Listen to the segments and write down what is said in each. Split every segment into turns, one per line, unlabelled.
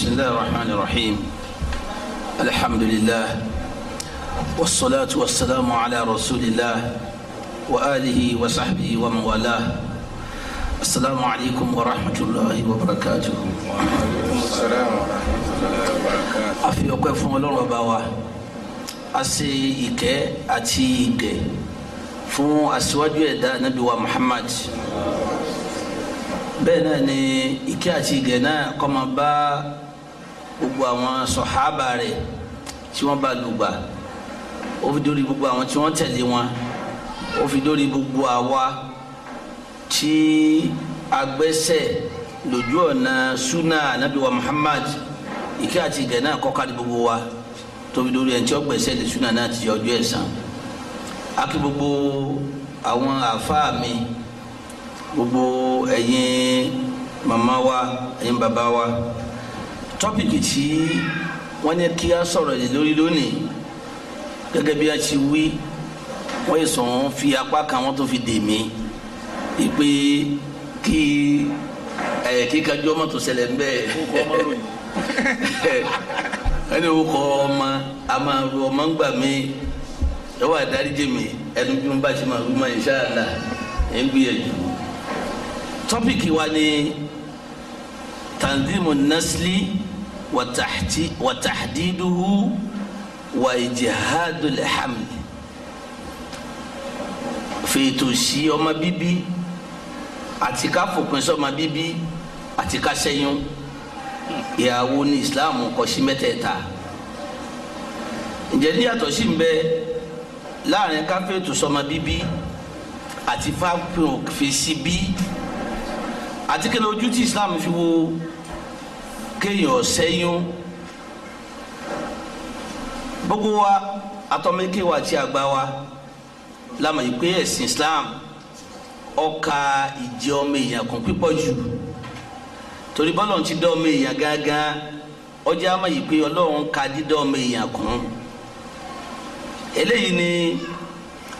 بسم الله الرحمن الرحيم الحمد لله والصلاة والسلام على رسول الله وآله وصحبه ومن والاه السلام عليكم ورحمة الله وبركاته وعليكم السلام ورحمة الله وبركاته أفي أقوى فمولون وباوا أسي إيكي أتي إيكي fún aṣíwájú ẹ̀dá nabi wa muhammad bẹ́ẹ̀ náà ni ìkẹ́ gbogbo àwọn sọ̀hábà rẹ̀ tí wọ́n bá lùgbà ó fi dórí gbogbo àwọn tí wọ́n tẹ̀lé wọn ó fi dórí gbogbo àwa tí agbẹ́sẹ̀ lójú ọ̀nà súnà anábìwá Muhammad ìkẹ́ àti ìgẹ̀ náà kọ́kadì gbogbo wa tóbi dórí ẹni tí ó gbẹ̀sẹ̀ lè súnà náà ti ọjọ́ ẹ̀san akí gbogbo àwọn àáfàá mi gbogbo ẹ̀yin màmá wa ẹ̀yin bàbá wa tọ́pìkì tí wọ́n ní kí a sọ̀rọ̀ yìí lórí lónìí gẹ́gẹ́ bí a ti wí wọ́n yìí sọ̀n fi apá kan wọ́n tó fi dè mí ìpè kí ẹ̀ kíkájọ́ mọ́tò ṣẹlẹ̀ ń bẹ́ẹ̀ ẹni o kọ ọmọ a máa ru ọmọ ń gbà mí ẹ wà dáríjì mi ẹnu bí wọn bá ṣe máa rú ìṣáàlà ẹ ń gbìyànjú. tọ́pìkì wa ni tanzimu nasli watahdiduhu wa ijihadul hamli fètò sí ọmọ bíbí àti ká fòpin sọmọ bíbí àti ká ṣẹ́yún ìyàwó ní islam kọ sí mẹ́tẹ̀ẹ̀ta ǹjẹ́ ní yàtọ̀ sí ń bẹ láàrin ká fètò sọmọ bíbí àti fáfin òfin sí bí àti kí ni ojú tí islam fi wo. kéèyàn o gbogbo wa atọ́mẹ́kẹ́ wa àti àgbà wa lámọ̀ yìí pé ẹ̀sìn Islam ọkà ìjẹ́ ọmọ èèyàn kan pípọ̀ jù torí bọ́lọ̀ ti dọ́ ọmọ èèyàn gángan ọjà àmọ̀ yìí pé Ọlọ́run ka dídọ́ ọmọ èèyàn kún eléyìí ni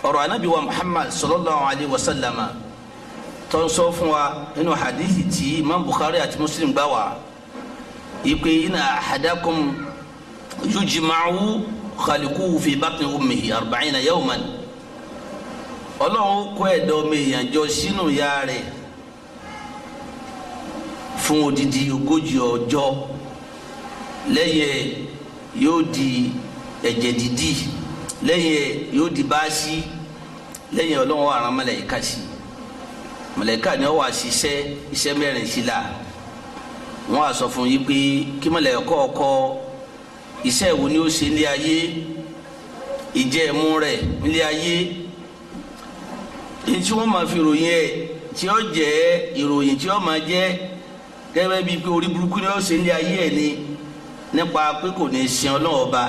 ọ̀rọ̀ Ànábì Muhammad sallallahu alayhi wa sallama tó sọ fún wa nínú hadithi Imam Bukhari àti Muslim ìpè iná ahadakum yujma'u khalikuhu fi batni ummihi arba'ina yawman ọlọ́run kó ẹ̀dọ́ ọmọ èèyàn jọ sínú ìyá rẹ̀ fún odidi ogójì ọjọ́ lẹ́yìn ẹ̀ yóò di ẹ̀jẹ̀ dídì lẹ́yìn ẹ̀ yóò di báàsì lẹ́yìn ọlọ́run àrùn mọ̀lẹ́kà sí mọ̀lẹ́kà ni ó wà ṣiṣẹ́ iṣẹ́ mẹ́rin sí la wọ́n á sọ fún yín pé kí mọ̀lẹ́ kọ́ọ̀kọ́ iṣẹ́ wo ni ó ṣe nílé ayé ìjẹ́ ẹ̀mú rẹ̀ nílé ayé èyí tí wọ́n máa fi ròyìn ẹ̀ tí ó jẹ́ ìròyìn tí ó máa jẹ́ gẹ́gẹ́ bíi pé orí burúkú ni ó ṣe nílé ayé ẹ̀ ni nípa pé kò ní sin ọlọ́wọ́ ba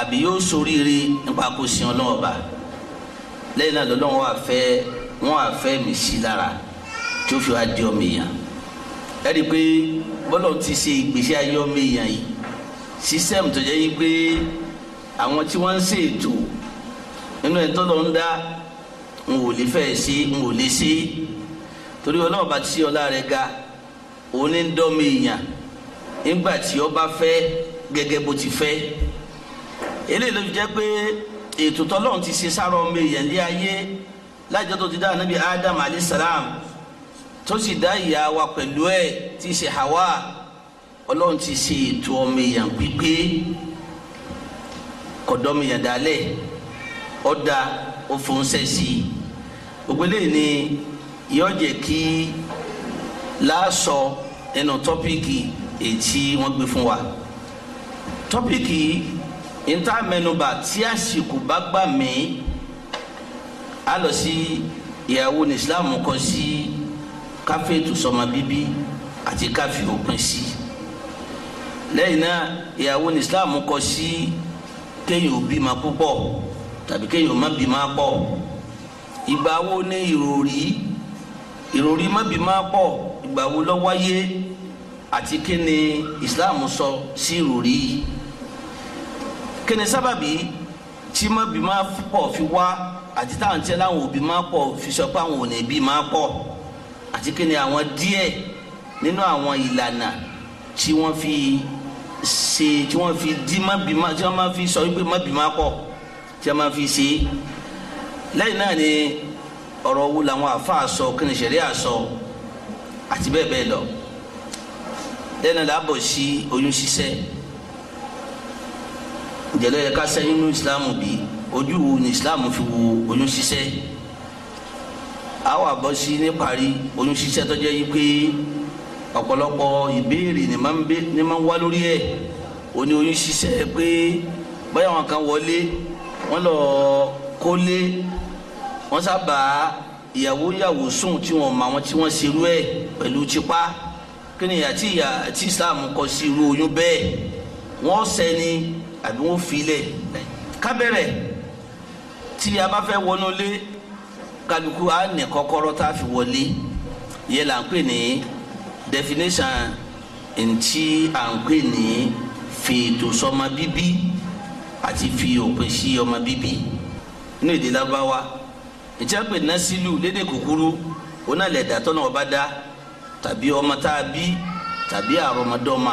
àbí yóò soríire nípa kó sin ọlọ́wọ́ ba lẹ́yìn náà lọ́lọ́wọ́ àfẹ́ wọ́n àfẹ́ mi sí lára tí ó fi wá di ọmọ èèyàn ẹ̀rí pé bọ́lá ti ṣe ìgbésí ayé ọmọ èèyàn yìí sísẹ́mù tó jẹ́ yí pé àwọn tí wọ́n ń ṣètò nínú ẹ̀ tọ́lọ̀ ń dá n ò lè fẹ́ ṣe n ò lè ṣe torí ọlọ́run bá ti ṣe ọlá rẹ̀ ga òun ní dọ́mọ èèyàn nígbà tí ọba fẹ́ gẹ́gẹ́ bó ti fẹ́ eléyìí ló fi jẹ́ pé ètò tọ́lọ́run ti ṣe sára ọmọ èèyàn ní ayé lájọ́ tó ti dá ànábì Adam alayhi salam tó sì dá ìyá wa pẹ̀lú ẹ̀ tí ṣe Hawa ọlọ́run ti ṣe ètò ọmọ èèyàn pípé kọ̀dọ́mìyàn dálẹ̀ ọ̀dà òfòǹsẹ̀ sí i ògbélé ni yóò jẹ́ kí láàsọ nínú tọ́píìkì ètí wọ́n gbé fún wa tọ́píìkì níta tí àsìkò bá gbà mí a lọ sí ìyàwó ní Islam kan sí káfíètù sọmọ bíbí àti káfí òpin sí lẹ́yìn náà ìyàwó ní Islam kọ sí kéèyàn ò bímọ púpọ̀ tàbí kéèyàn ò má bímọ pọ̀ ìgbà wo ni ìròrí ìròrí má bímọ pọ̀ ìgbà wo ló wáyé àti kí ni Islam sọ sí ìròrí yìí kí ni sábàbí tí má bímọ pọ̀ fi wá àti táwọn tí ẹ láwọn òbí má pọ̀ fi sọ pé àwọn ò ní bí má pọ̀ àti kí ni àwọn díẹ̀ nínú àwọn ìlànà tí wọ́n fi ṣe tí wọ́n fi dí mábìmá tí wọ́n máa fi sọ wípé mábìmá pọ̀ tí wọ́n máa fi ṣe lẹ́yìn náà ni ọ̀rọ̀ wo làwọn àáfàá sọ kí ni ṣẹ̀ríà sọ àti bẹ́ẹ̀ bẹ́ẹ̀ lọ lẹ́nu làbọ̀ sí oyún ṣíṣẹ́ ìjẹ́lẹ́ yẹ ká sẹ́yìn ní ìsìlámù bí ojú wo ni ìsìlámù fi wo oyún ṣíṣẹ́ a wá bọ́ sí níparí oyún ṣiṣẹ́ tó jẹ́ yìí pé ọ̀pọ̀lọpọ̀ ìbéèrè ni máa ń wá lórí ẹ̀ òní oyún ṣiṣẹ́ pé báyà wọn kan wọlé wọn lọ kólé wọn sábà ìyàwó yàwó sùn tí wọn mọ àwọn tí wọn ṣerú ẹ̀ pẹ̀lú tipa kí ni àti ìyà tí Islam kọ sí irú oyún bẹ́ẹ̀ wọn sẹni àbí wọn filẹ̀ kábẹ̀rẹ̀ tí a bá fẹ́ wọnú lé kálukú á ní kọ́kọ́rọ́ tá a fi wọlé yẹn là ń pè ní definition ntí à ń pè ní fètò sọmọ bíbí àti fi òpin sí ọmọ bíbí inú èdè lábáwá ìjàpè násìlù lédè kúkúrú onálẹ̀dá tọ́nà ọba dá tàbí ọmọ tá a bí tàbí àrọmọdọ́mà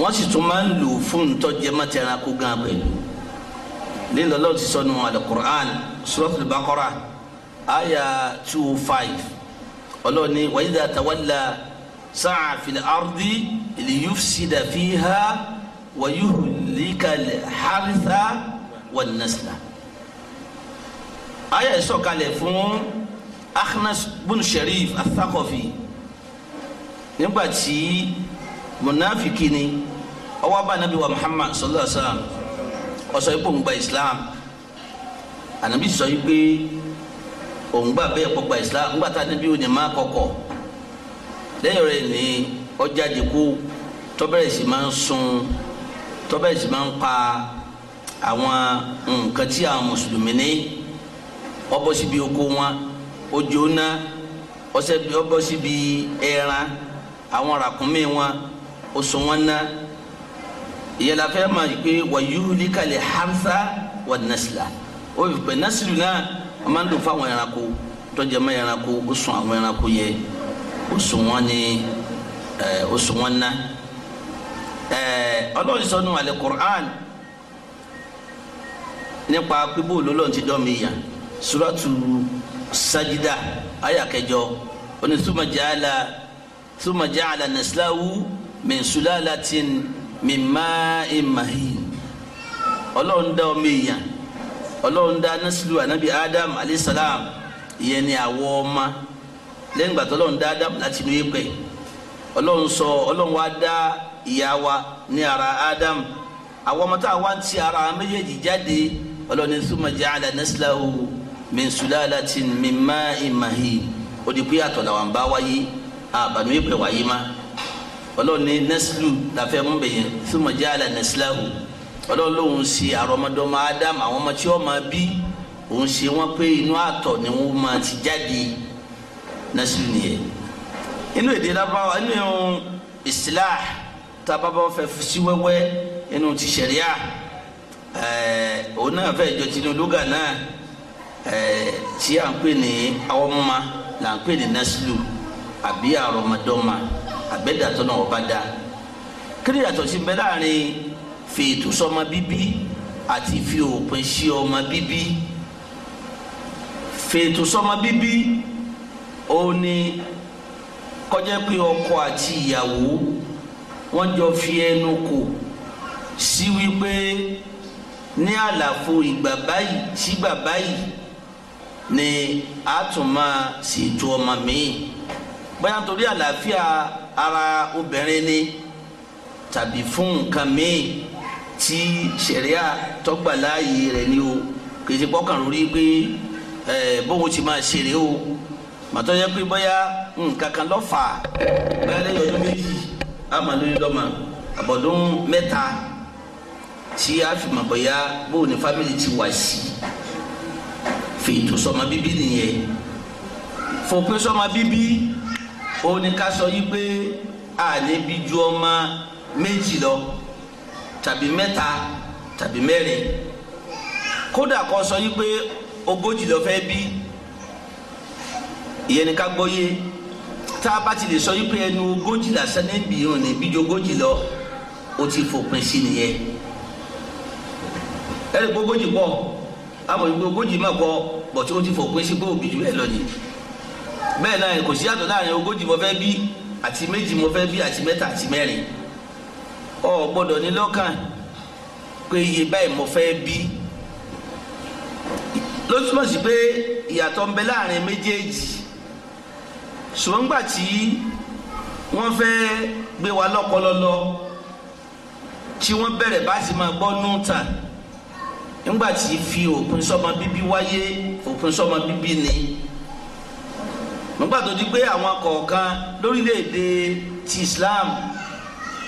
wọ́n sì tún máa ń lò fún ntọ́jẹ́mọ́tẹ́ranko gan pẹ̀lú lílọ lọ́wọ́ ti sọnù alukur'an suratul baqara aya two five ọlọ́ni wa idha tawalla sa'a fil ardi liyufsida fiha wa yuhlika al-hartha wan nasla. aya yìí sọ̀kalẹ̀ fún Akhnas bun Sharif al-Thaqafi nígbà tí munafiki ni ó wa Muhammad sallallahu alaihi wa sallam ọsọ ipò ń gba islam ànábì sọ yìí pé òun gbà bẹ́ẹ̀ kó gba islam ńgbà tá a níbi òní má kọ̀kọ̀ lẹ́yìn rẹ̀ ní ọjà àdínkù tọ́bẹ̀rẹ̀ sì máa ń sun tọ́bẹ̀rẹ̀ sì máa ń pa àwọn nǹkan tí àwọn mùsùlùmí ní ọbọ̀ síbi oko wọn ojú ọ̀nà ọbọ̀ síbi ẹran àwọn ràkúnmí wọn oṣù wọn náà ìyẹlẹfẹ ma yìí pé wàyúhùlì kalẹ̀ hamsa wà nasila ó yìí pé nasiru náà a máa ń lò fáwọn ẹranko tọ́jà máa ẹranko ó sùn àwọn ẹranko yẹ ó sùn wọn ní ẹ ó sùn wọn ná ẹ ọlọ́run sọ alẹ́ Qur'an nípa pípò lọ́lọ́run ti dọ́ mi yà suratu sajida aya kẹjọ oní sumajala sumajala nasilawu mẹsùlá latin mímá ìmàhìn ọlọ́run dá ọmọ èèyàn ọlọ́run dá nasiru anabi adam alayhisalaam ìyẹn ni àwọ̀ ọma lẹ́yìn ìgbà tó ọlọ́run dá adam láti inú ẹ̀pẹ̀ ọlọ́run sọ ọlọ́run wá dá ìyá wa ní ara adam àwọn ọmọ tá a wá ń ti ara méjèèjì jáde ọlọ́run ní thumma ja'ala nasilahu min sulalatin mímá ìmàhìn ó di pé àtọ̀làwà ń bá wáyé àbànú ẹ̀pẹ̀ wáyé má ọlọ́run ní nẹ́sìlú làfẹ́ mú bẹ̀yẹn súnmọ́ jẹ́ àlà nẹ́sìláhù ọlọ́run lòun ṣe àrọ́mọdọ́mọ ádámù àwọn ọmọ tí wọ́n máa bí òun ṣe wọ́n pé inú àtọ̀ ni wọ́n máa ti jáde nẹ́sìlú nìyẹn inú èdè lábáwá inú islah tábàbà fẹ́ sí wẹ́wẹ́ inú ti ṣẹ̀ríà ẹ̀ẹ́ òun náà fẹ́ jọ tinú lóga náà ẹ̀ẹ́ tí à ń pè ní àwọn ọmọ là ń pè ní nẹ́sìlú àbí àrọ́mọdọ́mọ àgbẹ̀dàtọ̀ náà ọba dá kíni yàtọ̀ sí bẹ láàrin fètò sọmọ bíbí àti fi òpin sí ọmọ bíbí fètò sọmọ bíbí ó ní kọjá pé ọkọ àti ìyàwó wọn jọ fi ẹnu kò sí wípé ní àlàfo ìgbà báyìí sígbà báyìí ni a tún máa ṣètò ọmọ míì bóyá nítorí àlàáfíà ara obìnrin ni tàbí fún nǹkan míì tí sẹ̀ríà tọ́gbà láàyè rẹ̀ ni o kìí ṣe pọ́kàn lórí pé bóun ti máa ṣeré o màtọ́ yẹ pé bóyá nǹkan kan lọ́ fà bóyá lẹ́yìn ọdún méjì á àbọ̀dún mẹ́ta tí a fi mọ̀ bóyá bóun ni fámìlì ti wà sí fètò sọmọ bíbí nìyẹn fòpin sọmọ bíbí ó ní ká sọ yí pé àníbi ju ọmọ méjì lọ tàbí mẹ́ta tàbí mẹ́rin kódà kó sọ yí pé ogójì lọ fẹ́ bí ìyẹn ní ká gbọ́ yé tá a bá ti lè sọ yí pé ẹnu ogójì lásán níbi ìrùn níbi ju ogójì lọ ó ti fòpin sí nìyẹn ẹ̀rẹ̀ gbogójì pọ̀ àmọ̀ ìgbogójì má pọ̀ bọ̀ tí ó ti fòpin sí pé òbí ju lọ nìyẹn bẹ́ẹ̀ náà kò sí yàtọ̀ láàrin ogójì mo fẹ́ bí àti méjì mo fẹ́ bí àti mẹ́ta àti mẹ́rin ọ gbọ́dọ̀ ní lọ́kàn pé iye báyìí mo fẹ́ bí ló túmọ̀ sí pé ìyàtọ̀ ń bẹ láàrin méjèèjì ṣùgbọ́n gbà tí wọ́n fẹ́ gbé wa lọ́kọlọ́lọ́ tí wọ́n bẹ̀rẹ̀ bá sì máa gbọ́ nù nígbà tí fi òpin sọ́mọ bíbí wáyé òpin sọ́mọ bíbí ni nígbà di pé àwọn kọ̀ọ̀kan lórílẹ̀‐èdè ti Islam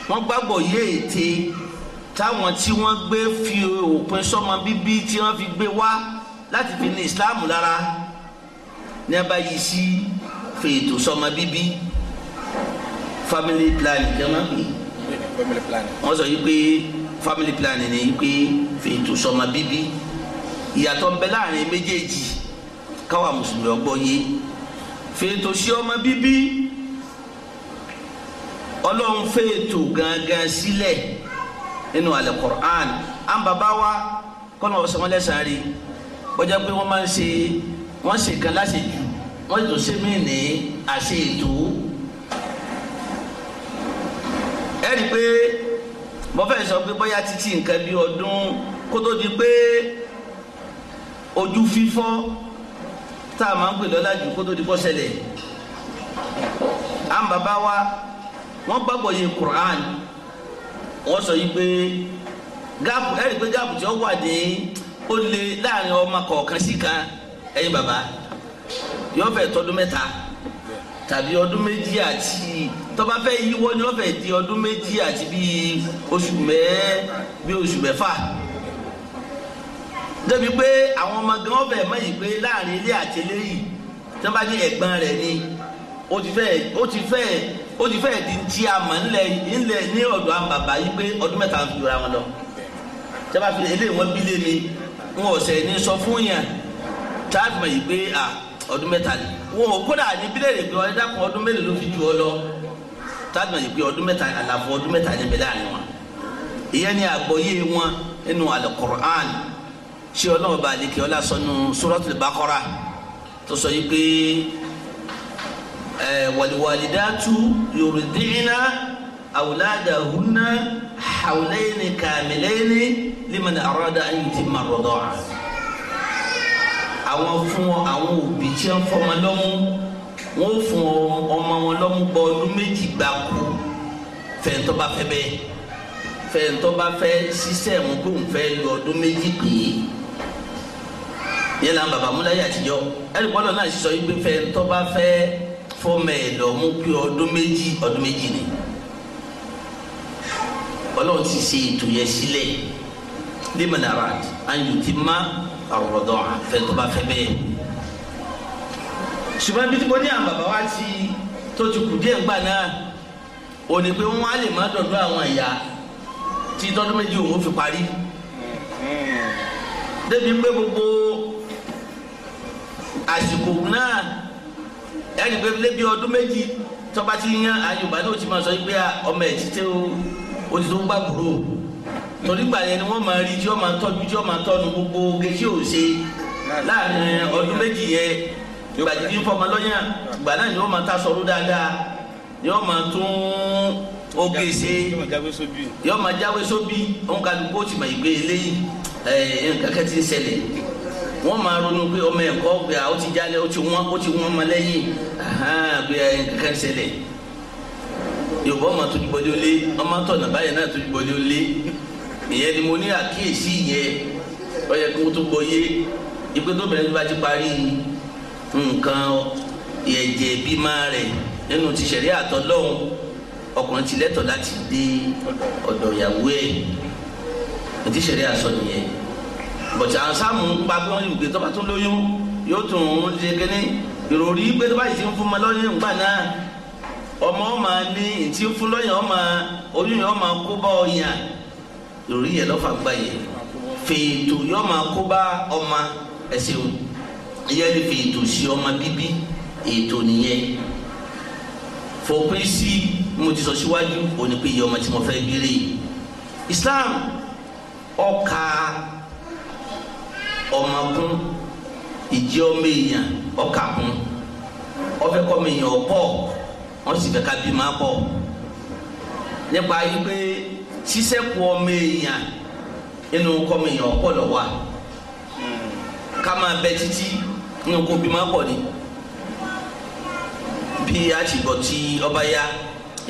wọ́n gbàgbọ́ yé ète táwọn tí wọ́n gbé fi òpin sọ́mọ bíbí tí wọ́n fi gbé wá láti fi ní Islam lára ní a bá yí sí fèètò sọ́mọ bíbí family planning kí wọ́n máa pè wọ́n sọ yìí pé family planning ni yìí pé fèètò sọ́mọ bíbí ìyàtọ̀ ń bẹ láàrin méjèèjì káwa mùsùlùmí ọgbọ́n yìí fètò sí ọmọ bíbí ọlọ́run fètò gangan sílẹ̀ nínú Al-Qur'an àwọn bàbá wa kọ́nà ọ̀sán wọn lẹ́sàn-án rí kọjá pé wọ́n máa ń ṣe wọ́n ṣe kan láṣẹ jù wọ́n tó ṣe mí ní àṣẹ ètò ẹ rí i pé mo fẹ́ sọ pé bóyá títí nǹkan bí ọdún kó tó di pé ojú fífọ́ tá a máa ń pè lọ́làjú kó tó di kó ṣẹlẹ̀ àwọn bàbá wa wọ́n gbàgbọ́ yìí Quran wọ́n sọ yìí pé gáàpù ẹ̀rí pé gáàpù tí ó wà ní ó lé láàrin ọmọ kọ̀ọ̀kan sí kan ẹ̀yin bàbá yóò fẹ́ tọdún mẹ́ta tàbí ọdún méjì àti tọ́ba fẹ́ yíwọ́ ni wọ́n fẹ́ di ọdún méjì àti bíi oṣù mẹ́ẹ́ bíi oṣù mẹ́fà débi pé àwọn ọmọ gan ọbẹ̀ mẹ́yìn pé láàrin ilé àti eléyìí tí wọ́n bá ní ẹ̀gbọ́n rẹ̀ ni ó ti fẹ́ ó ti fẹ́ ó ti fẹ́ di ti àmọ́ ńlẹ̀ ńlẹ̀ ní ọ̀dọ̀ àwọn bàbá yìí pé ọdún mẹ́ta ń fi ra wọn lọ tí wọ́n bá fi eléyìí wọn bí lé mi wọn ò sẹ̀ ní sọ fún yàn táàbù mọ̀ yìí pé à ọdún mẹ́ta ni wọn ò kódà ní bílẹ̀rì pé ọdún dàpọ̀ ọdún mélòó ló fi ju ọ lọ táàbù mọ̀ yìí pé ọdún mẹ́ta àlàfo ọdún mẹ́ta ní bẹ́ẹ̀ láàrin wọn ìyẹn ni àgbọ̀yé wọn nínú Al-Qur'an tí ọlọ́run bá lékè ọlá sọnù suratul Baqara tó sọ yìí pé eh, wàlíwàlídàtú yurdi'na awladahunna hawlayni kamilayni liman arada an yutimma ar-rida'a àwọn fún àwọn òbí tí wọ́n fọmọ lọ́mú wọ́n fún ọmọ wọn lọ́mú gbọ́ ọdún méjì gbáko fẹ̀ǹtọ́ bá fẹ́ bẹ́ẹ̀ fẹ̀ǹtọ́ bá fẹ́ ṣiṣẹ́ wọn kó ń fẹ́ lọ ọdún méjì péré yẹn la bàbá múláyà àtijọ́ ẹni bọ́lá náà sísọ yìí pé fẹ́ tọ́ba fẹ́ fọmọ ẹ̀ lọ mú pé ọdún méjì ọdún méjì ni ọlọ́run ti ṣe ètò yẹn sílẹ̀ lẹ́mọ̀nàrà ayò ti má àwòrán fẹ́ tọ́ba fẹ́ bẹ́ẹ̀ ṣùgbọ́n bí mo ní àwọn bàbá wa ti tó ti kù díẹ̀ ńgbà náà ò ní pé wọ́n á lè má dọ̀dọ̀ àwọn ìyá tí tọ́dún méjì òun fi parí débi pé gbogbo àsìkò náà ẹni pé lébi ọdún méjì tọ́ba ti yan àyùbá ní o ti máa sọ pé ọmọ ẹ̀ ti tẹ́ o o ti tó ń gbàgbóró torí gbà ni wọ́n máa rí tí wọ́n máa tọ́jú tí wọ́n máa tọ́nu gbogbo gẹ̀ẹ́sì ò ṣe láàrin ọdún méjì yẹn gbàdúgbò fọmọ lọ́yàn gbà náà ni wọ́n máa ta sọ̀rọ̀ dáadáa ni wọ́n máa tún oge ṣe yọ́n máa jáwé sóbì òun kàlùkù ó máa gbé eléyìí nǹkan kẹ́tì ń ṣẹlẹ̀ wọ́n máa ronú pé ọmọ ẹ̀kọ́ pé ó ti jálẹ̀ ó ti wọ́n ó ti wọ́n ọmọ lẹ́yìn pé kankan ṣẹlẹ̀ yorùbá ọmọ tó dìbọdé olé ọmọ tọ̀nà báyìí náà tó dìbọdé olé ìyẹn ni mo ní àkíyèsí yẹn ó yẹ kó tó gbọ́yé ipe tó bẹ̀rẹ̀ bá ti parí nǹkan ẹ̀jẹ̀ bímá rẹ̀ nínú ti ṣẹ̀rí àtọ́lọ́hún ọkùnrin ti lẹ́tọ̀ọ́ láti dé ọ̀dọ̀ ìyàwó ẹ̀ ní ti ṣẹ̀rí àsọ nìyẹn bọ̀tí àwọn sáàmù ń pa bí wọ́n lè gbé tọ́ba tó lóyún yóò tún un ṣe kínní ìròrí pé tọ́ba yìí ti ń fún ma lọ́yìn ńgbà náà ọmọ ọmọ ní ìtí ń fún lọ́yìn ọmọ oyún yẹn ọmọ kó bá ọyàn ìròrí yẹn lọ́fà gbà yẹn fèètò yẹn ọmọ kó bá ọmọ ẹsẹ̀ o ìyẹn lè fèètò sí ọmọ bíbí ètò nìyẹn fòpin sí mo ti sọ síwájú òní pé iye ọmọ tí mo fẹ́ gbére Islam ọkà. Okay ọmọkún ìjẹ́ ọmọ èèyàn ọkàkún ọfẹ́ kọ́mọ èèyàn ọ̀pọ̀ wọ́n sì fẹ́ ká bí máa pọ̀ nípa yìí pé sísẹ́kù ọmọ èèyàn inú kọ́mọ èèyàn ọ̀pọ̀ lọ wà ká máa bẹ títí inú kó bí máa pọ̀ ni bí a ti gbọ́ tí ọba ya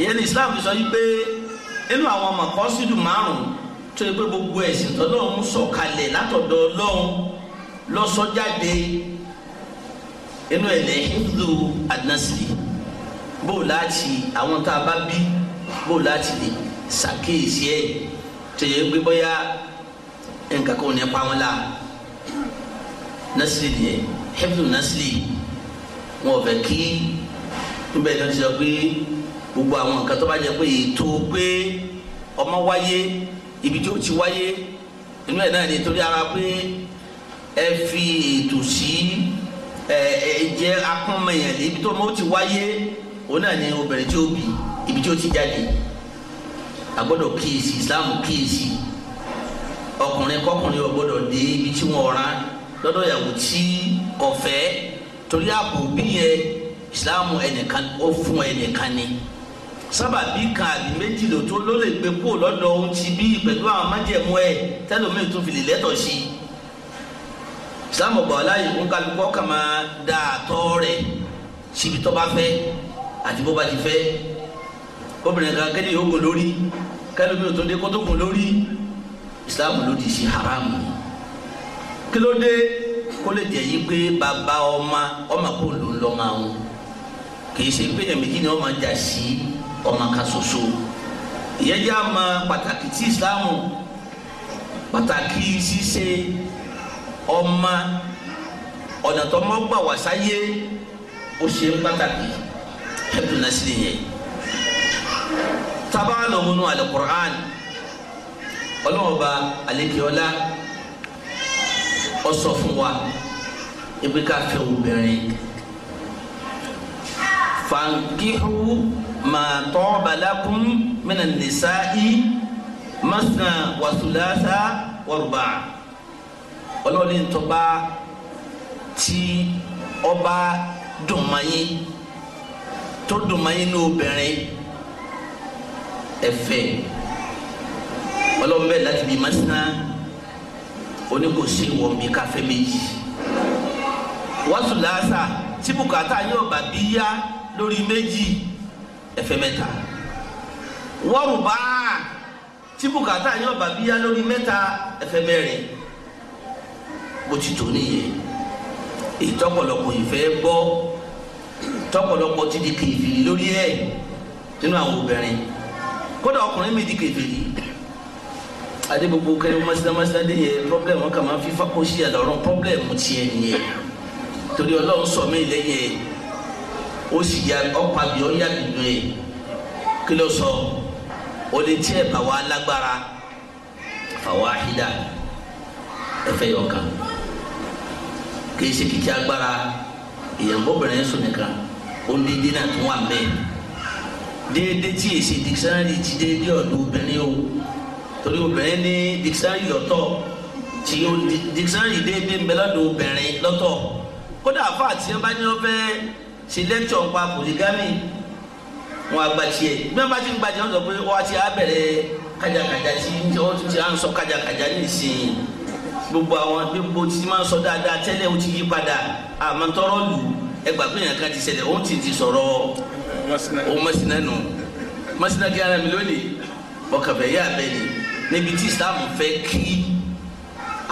ìyẹn ní Islam sọ yìí pé inú àwọn ọmọ kan sídùn márùn tó yẹ pé gbogbo ẹ̀sìn tọ́lọ́run sọ̀kalẹ̀ látọ̀dọ̀ ọlọ́run lọ́sọ́jáde inú ẹ̀ lẹ́hìndó adnasiri bó láti àwọn tá a bá bí bó láti lè ṣàkíyèsí ẹ̀ tó yẹ pé bóyá nǹkan kan ò ní pa wọn la nasiri nìyẹn hìndó nasiri wọn ò fẹ́ kí níbẹ̀ ni wọ́n ti sọ pé gbogbo àwọn nǹkan tó bá jẹ pé ètò pé ọmọ wáyé ibi tí ó ti wáyé inú ẹ̀ náà ni torí ara pé ẹ fi ètò sí ẹ ẹ jẹ́ akúnmọ̀yàn ibi tó mọ́ ti wáyé òun náà ni obìnrin tí ó bí ibi tí ó ti jáde agbọ́dọ̀ kíyèsí Islam kíyèsí ọkùnrin kọkùnrin ọgbọ́dọ̀ dé ibi tí wọ́n rán lọ́dọ̀ ìyàwó tí kò fẹ́ torí àpò bí yẹn Islam ẹnìkan ó fún ẹnìkan ni sábàbí kan àbí méjì ló tó ló lè gbé kó lọ́dọ̀ ohun ti bí pẹ̀lú àwọn májẹ̀mú ẹ̀ tẹ́lómi tún fi lè lẹ́tọ̀ sí i ìsìlámù ọgbà ọláyè ń kálukọ́ kà máa da àtọ̀ rẹ̀ síbi tó bá fẹ́ àti bó bá ti fẹ́ obìnrin kan kéde yóò gùn lórí kẹlómi ò tó dé kó tó gùn lórí ìsìlámù ló di sí haramu kí ló dé kó lè jẹ́ yìí pé bàbá ọmọ ọmọ kò ló ń lọ́ máa ń kì í ṣe pé ẹ̀mí ọmọ kan ṣoṣo ìyẹn jẹ́ àmọ́ pàtàkì tí ìsìláàmù pàtàkì ṣíṣe ọmọ ọ̀nà tó mọ́ gbà wá sáyé ó ṣe ń pàtàkì ẹ̀dùn náà sì nìyẹn tábà lọ́múnú alukur'an ọlọ́mọba alekeola ó sọ fankihu ma taba lakum mina nisa'i masna wa thulatha wa ruba' ọlọ́ọ̀lẹ́ ntọ́ba tí ọba dùnmáyé tó dùnmáyé ní obìnrin ẹ̀fẹ̀ ọlọ́ọ̀bẹ láti bí masna oníkòsí wọ̀n bí káfẹ́ méjì wa tí bùkátà yóò bá bí yá lórí méjì ẹfẹ mẹ́ta wọrùbá tí bùkátà yóò bá bíyá lórí mẹ́ta ẹfẹ mẹ́rin bó ti tó nìyẹn èyí tọ̀pọ̀lọpọ̀ ìfẹ́ gbọ́ tọ̀pọ̀lọpọ̀ ti di kèfèrí lórí ẹ nínú àwọn obìnrin kódà ọkùnrin mi di kèfèrí adé gbogbo kẹrin mọ́sídámọ́sídádé yẹ pọ́blẹ́mù ọkà máa fi fákọ́sí àlọ́run pọ́blẹ́mù tiẹ̀ nìyẹn torí ọlọ́run sọ mí lẹ́yìn ẹ̀ ó sì ya ọkọ àbí ọ yá bìnú yìí kí ló sọ ó lè tí ẹ bá wa lágbára fàwa àhídà ẹfẹ yọ kan kì í ṣe kìkì agbára ìyàmbọbìnrin sùn nìkan ó ní dínà tó wà mẹ déédéé tí èsì dikisari ti déédéé ọ̀dọ̀ obìnrin o torí obìnrin ní dikisari ọ̀tọ̀ tí o dikisari déédéé ń bẹ lọ́dọ̀ obìnrin lọ́tọ̀ kódà fáà tí wọn bá ní wọn fẹ́ẹ́ sí lẹ́kítọ̀ nípa polygamy wọn agbati yẹ bí wọn bá ti ń gbajẹ wọn sọ pé wọn ti abẹrẹ kajakaja tí wọn ti à ń sọ kajakaja ní ìsìn gbogbo àwọn gbogbo tí máa ń sọ dáadáa tẹ́lẹ̀ ó ti yí padà àmọ́tọ́rọ́ lù ẹgbà pé yàn kan ti ṣẹlẹ̀ òun ti ti sọ̀rọ̀ òun mọ̀sínà nù mọ̀sínà kí ara mi lónìí ọkàfẹ́ yà bẹ́ ni níbi tí Islam fẹ́ kí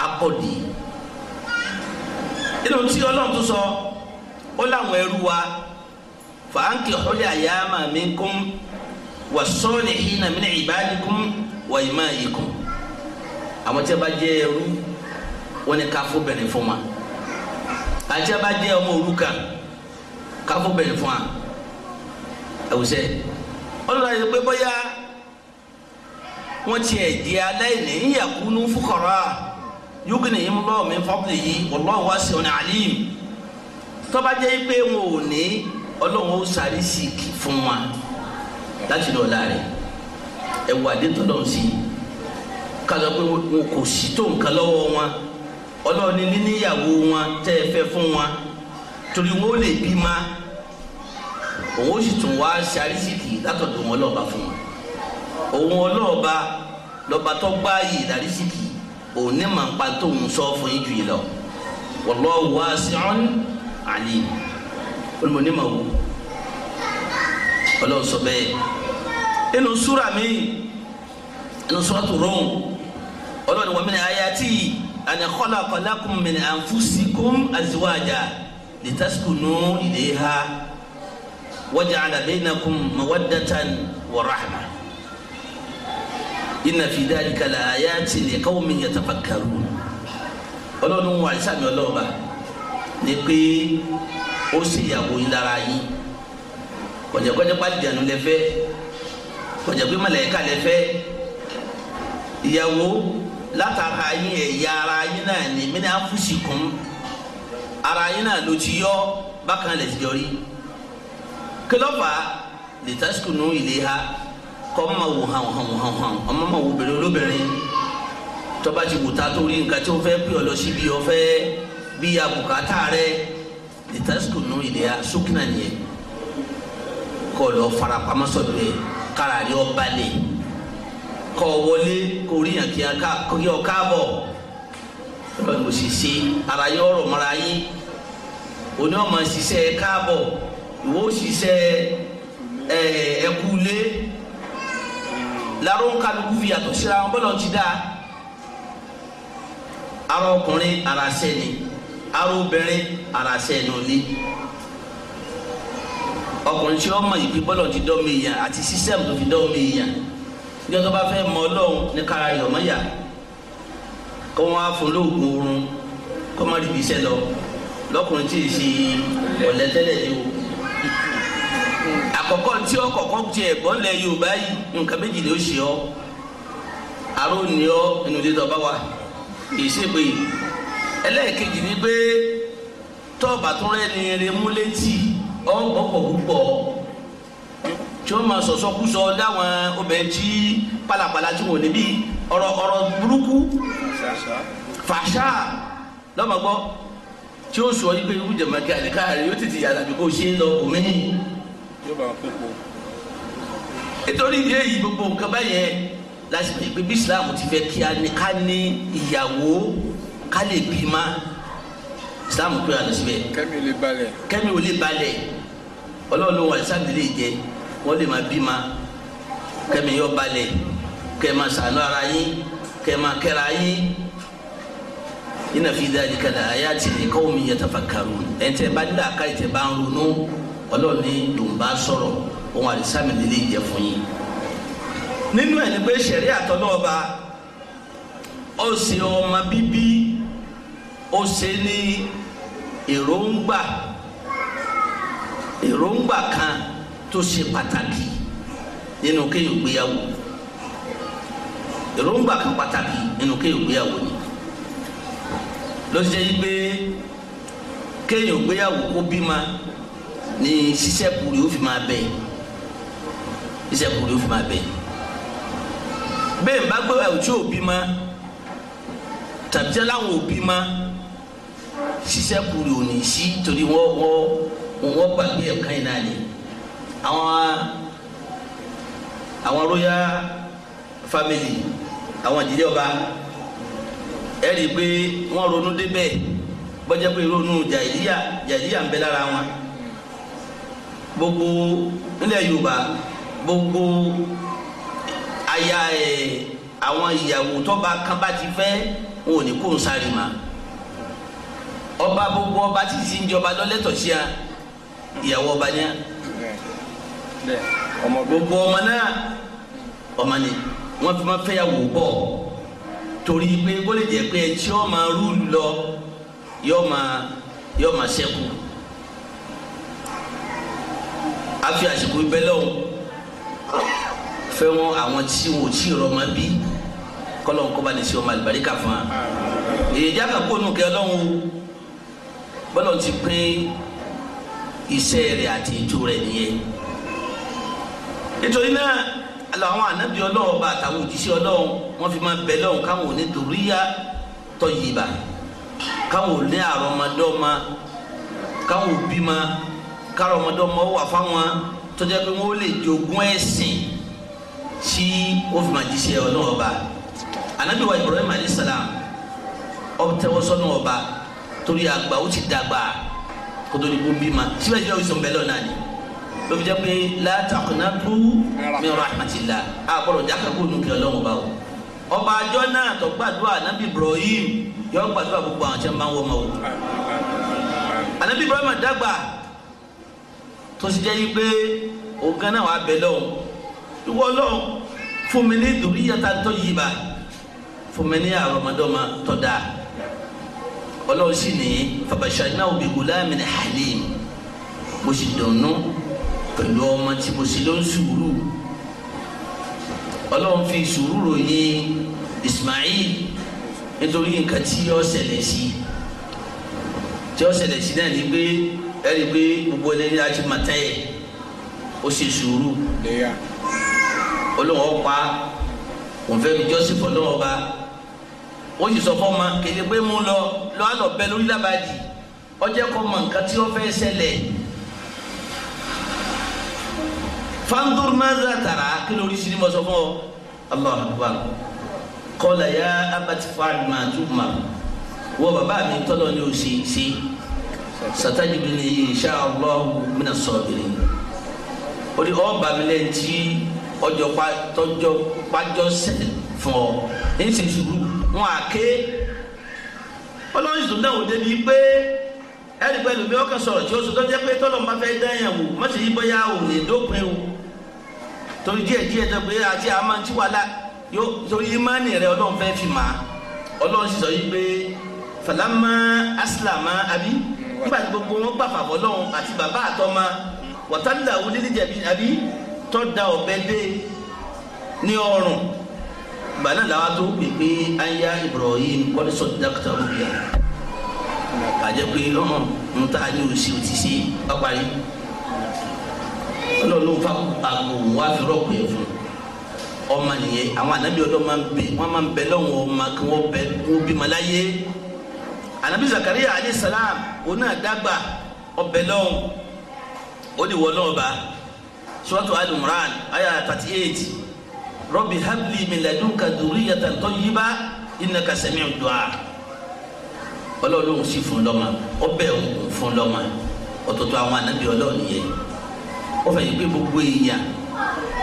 akọ̀dì inú tí Ọlọ́run tó sọ. So, ó láwọn ẹrú wa fàáǹkì xulẹ̀ àyàmà wà sọ́ọ̀lì min ibadikum wà àwọn tí a bá jẹ́ ẹrú wọn ni ká bẹ̀rẹ̀ fún wa àti a bá jẹ́ ọmọ òrukàn ká fún bẹ̀rẹ̀ fún wa ẹ̀wùsẹ̀ ọlọ́dà yìí pé bóyá wọ́n tiẹ̀ di aláìní ìyàkúnú fúkọ̀rọ̀ lọ́ọ̀ mi yìí tó bá jẹ́ pé wọn ò ní ọlọ́run ó sáré sí i fún wa láti lọ láàrin ẹ̀wọ̀ àdétọ́lọ́ sí i kálọ̀ pé wọn kò sí tó nǹkan lọ́wọ́ wọn ọlọ́run ní níyàwó wọn tẹ́ ẹ fẹ́ fún wọn torí wọn ò lè bímọ òun ó sì tún wá sáré sí i látọ̀dọ̀ wọn lọ́ọ̀bá fún wọn òun ọlọ́ọ̀bá lọ́ba tó gbá yìí dárí sí òun ní màá pa tóun sọ fún yín jù yìí lọ wallahu wasi'un alim olùmọ̀ ní màwù ọlọ́run sọ bẹ́ẹ̀ inú súra mi inú suratu Rum ọlọ́run wa min ayatihi an khalaqa lakum min anfusikum azwaja litaskunu ilayha wa ja'ala bainakum mawaddatan wa rahma inna fi dhalika la ayatin liqawmin yatafakkarun ọlọ́run wà sàmì ọlọ́run báyìí ni pé ó sì yàgò yín lára yín kọjá kọjá pa dìànù lẹfẹ kọjá pé mọlẹka lẹfẹ ìyàwó látara yín ẹ̀yà ara yín náà ní mẹ́ni àfúsìkún ara yín náà ló ti yọ bákan lè ti jọrí kílọ̀fà lè tásìkùnú ilé ha kọ́ ọ́ máa wò hàn hàn hàn hàn ọmọ máa wò obìnrin olóbìnrin tọ́ba ti wò ta tó rí nǹkan tí ó fẹ́ pè ọ́ lọ síbi ọ́ fẹ́ẹ́ bí ya bùkátà rẹ litasikun nù ìlẹyà sukina nìyẹn kọ lọ fara pamasọdọ yẹ kára yọ balẹ̀ kọ wọlé kò rí yàn kí ọ káàbọ̀ ẹgbẹ mo sì ṣe ara yọ ọ̀rọ̀ mara yín oní ọmọ ṣiṣẹ́ káàbọ̀ ìwọ ṣiṣẹ́ ẹ ẹkúlé láró ń kálukú fi yàtọ̀ síra wọn bọ́lá ti dá ara ọkùnrin ara sẹ́ni ara obìnrin ara sẹ́nu ní ọkùnrin tí ó mọ ìpín bọ́lọ̀ ti dọ́mi èèyàn àti sísẹ́mù tó fi dọ́mi èèyàn nígbà tó bá fẹ́ mọ ọlọ́run ní kára rẹ̀ ọ̀mọ́yà kó wọ́n á fún lóògùn oorun kó má rí ibi iṣẹ́ lọ lọ́kùnrin tí ì ṣe ọ̀lẹ́tẹ́lẹ̀ ni o àkọ́kọ́ tí ó kọ́kọ́ jẹ ẹ̀gbọ́n lẹ Yorùbá yìí nǹkan méjì ló ṣe ọ́ àrò ní ọ́ inú ilé tó bá wà kì í ṣègbè yìí ẹlẹ́ẹ̀kejì ni pé tọ́ọ̀bà tó rẹ́ ni eré mú létí ọ̀pọ̀ púpọ̀ tí wọ́n máa sọ̀sọ́ kú sọ dáwọn obìnrin tí pálapàla tí wọ́n níbí ọ̀rọ̀ ọ̀rọ̀ burúkú fàṣà lọ́mọgbọ́ tí ó sọ ipe irú jẹ̀mọ̀kẹ́ àdìká rẹ̀ yóò tètè yàrá bí kò ṣe é lọ òmí. nítorí ìdí èyí gbogbo nǹkan báyẹn láti pè pé bí Islam ti fẹ́ kí a ní ká ní ìyàwó ká bima bímá islam kúrò àná síbẹ̀. kẹ́mi ò lè balẹ̀. kẹ́mi ò lè balẹ̀ ọlọ́run ló wà sáàdì lè jẹ wọ́n lè máa bímá kẹ́mi yọ balẹ̀ kẹ́ máa sànú ara yín kẹ́ máa kẹ́ra yín inna fi dhalika la ayati li qawmin yatafakkarun ẹ̀ ń tẹ́ bá nílò àká ìtẹ̀ bá ń ronú ọlọ́run ní dùnbá sọ̀rọ̀ òun àdìsámi lè jẹ fún yín nínú ẹ̀ ni pé ó ṣe ní èròǹgbà èròǹgbà kan tó ṣe pàtàkì nínú kéèyàn gbéyàwó èròǹgbà kan pàtàkì nínú kéèyàn gbéyàwó ni ló ṣe yí pé kéèyàn gbéyàwó kó bímọ ní ṣiṣẹ́ kúrì ó fi máa bẹ̀ ṣiṣẹ́ kúrì ó fi máa bẹ̀ bẹ́ẹ̀ bá gbéyàwó tí ò bímọ tàbí tí aláwọ̀ ò bímọ ṣiṣẹ́ kúrò ò ní sí torí wọ́n wọ́n wọ́n gbàgbé ẹ̀ka yìí náà ni àwọn àwọn royal family àwọn ìdílé ọba ẹ rí i pé wọ́n ronú débẹ̀ bọ́jẹ́ pé ronú jàìlíyà jàìlíyà ń bẹ lára wọn gbogbo nílẹ̀ yorùbá gbogbo aya ẹ̀ àwọn ìyàwó tọ́ba kan bá ti fẹ́ wọn ò ní kó ń sáré máa ọba gbogbo ọba tí sì ń jọba lọ́lẹ́tọ̀ sí a ìyàwó ọba ni a gbogbo ọmọ náà ọmọ ni wọ́n fi máa fẹ́yàwó bọ̀ torí pé kó lè jẹ́ pé tí wọ́n máa rúùlù lọ yóò máa yóò máa ṣẹ́kù a fi àsìkò ibẹ̀ lọ́hùn fẹ́ wọn àwọn tí wọn ò tí ì rọmọ bí kọ́lọ́n kọ́ba ní sí ọmọ àlùbáríkà fún wa èyí jákàkó nù kẹ́ lọ́hùn o bọ́lá ti pé iṣẹ́ rẹ̀ àti ìjó rẹ̀ nìyẹn nítorí náà àwọn ànábì ọlọ́run bá àtàwọn òjíṣẹ́ ọlọ́run wọ́n fi máa bẹ lọ́run káwọn ò ní dòríyá tọ́yìbà káwọn ò ní àrọ́mọdọ́mọ káwọn ò bímọ kárọ́mọdọ́mọ wà fáwọn tó jẹ́ pé wọ́n lè jogún ẹ̀sìn tí wọ́n fi máa jíṣẹ́ ọlọ́run ọba ànábì wa Ibrahim alayhi salam ọ̀tẹ̀wọ́sọ́nù ọba torí àgbà ó ti dàgbà kótó ni kó bí ma síbẹ̀síbẹ̀ ó sọ̀n bẹ́ẹ̀ lọ́nà ni lóbi jẹ́ pé látàkùnà tó mi rahmatillah àkọlọ̀ jákè kó nu kí ọlọ́run bá wò ọba àjọ náà tó gbàdúrà anabi ibrahim yọ gbàdúrà gbogbo àwọn tí wọn bá ń wọ ọmọ wò anabi ibrahim dàgbà tó ti jẹ́ yí pé ògán náà wàá bẹ lọ́hùn ìwọ lọ́hùn fún mi ní dùrìyàtà tó yí ba fún mi ní àrọ̀mọdọ́mọ tó dáa ọlọ́run sì ní fabasharnahu bi gulamin halim mo sì dùnnú pẹ̀lú ọmọ tí mo sì ló ń sùúrù ọlọ́run fi sùúrù ròyìn Ismail nítorí nǹkan tí ó ṣẹlẹ̀ sí tí ó ṣẹlẹ̀ sí náà ni pé ẹ̀rí pé gbogbo ẹlẹ́ni láti máa tẹ́ ẹ̀ ó ṣe sùúrù ọlọ́run ọ̀pá òun fẹ́ mi jọ́sìn fọlọ́run ọba wọ́n sì sọ fún ọmọ kéde pé mú lọ lọ́ àlọ́ bẹ lórí lábàdì ọjọ́ kọ́ mọ nǹkan tí wọ́n fẹ́ ṣẹlẹ̀ fandur maza tara kí ló rí sinimọ sọ fún ọ Allahu akbar kọlà ya abati faduma tuma wọ bàbá mi tọ́lọ̀ ni o ṣe ṣe sataji bi ni insha Allah mina sabirin o de ọ bàmílẹ̀ ntí ọjọ́ pàjọ́ fún ọ ní sèṣu wọn àké ọlọ́run ìsúná òde ni pé ẹni pẹ̀lú mi ọkàn sọ̀rọ̀ tí o sọ tó jẹ́ pé tọ́lọ́ máa fẹ́ dán yàn wò má sì yí bóyá òun èdópin o torí díẹ̀ díẹ̀ tó pé àti àmọ́ tí wàhálà yóò torí ìmánì rẹ ọlọ́run fẹ́ fi mà á ọlọ́run sì sọ yí pé fàlámà áṣìlámà àbí nígbà tí gbogbo wọn gbà fàbọ̀ lọ́hùn àti bàbá àtọ́mà wàtálà òun dídí jẹ̀bi àbí tọ́ da ọ̀bẹ dé ní ọrùn gbàdá làwọn tó pè pé aya Ibrahim kọ́ni sọ̀dáàkítà rúbíà àjẹ́ pé ọmọ nta ni o ṣe o ti ṣe ọparí ọlọ́run fa àgbo wa fi rọ́ọ̀kù yẹn fún ọmọ nìyẹn àwọn ànábì ọdọ máa ń bẹ wọn máa ń bẹ lọ́wọ́ ọmọ kí wọ́n bẹ kó bímọ láyé ànábì Zakariya alayhi salam o náà dàgbà ọbẹ̀ lọ́wọ́ ó ní wọ́n lọ́ọ̀ba suratu Al-Imran ayah thirty eight. Rabbi habli min ladunka dhurriyatan tayyiba innaka sami'ud du'a Ọlọ́run sì fún lọ́mọ ọbẹ̀ òun fún lọ́mọ ọ̀tọ̀tọ̀ àwọn ànábì Ọlọ́run yẹn wọ́n fẹ́ yìí pé gbogbo èèyàn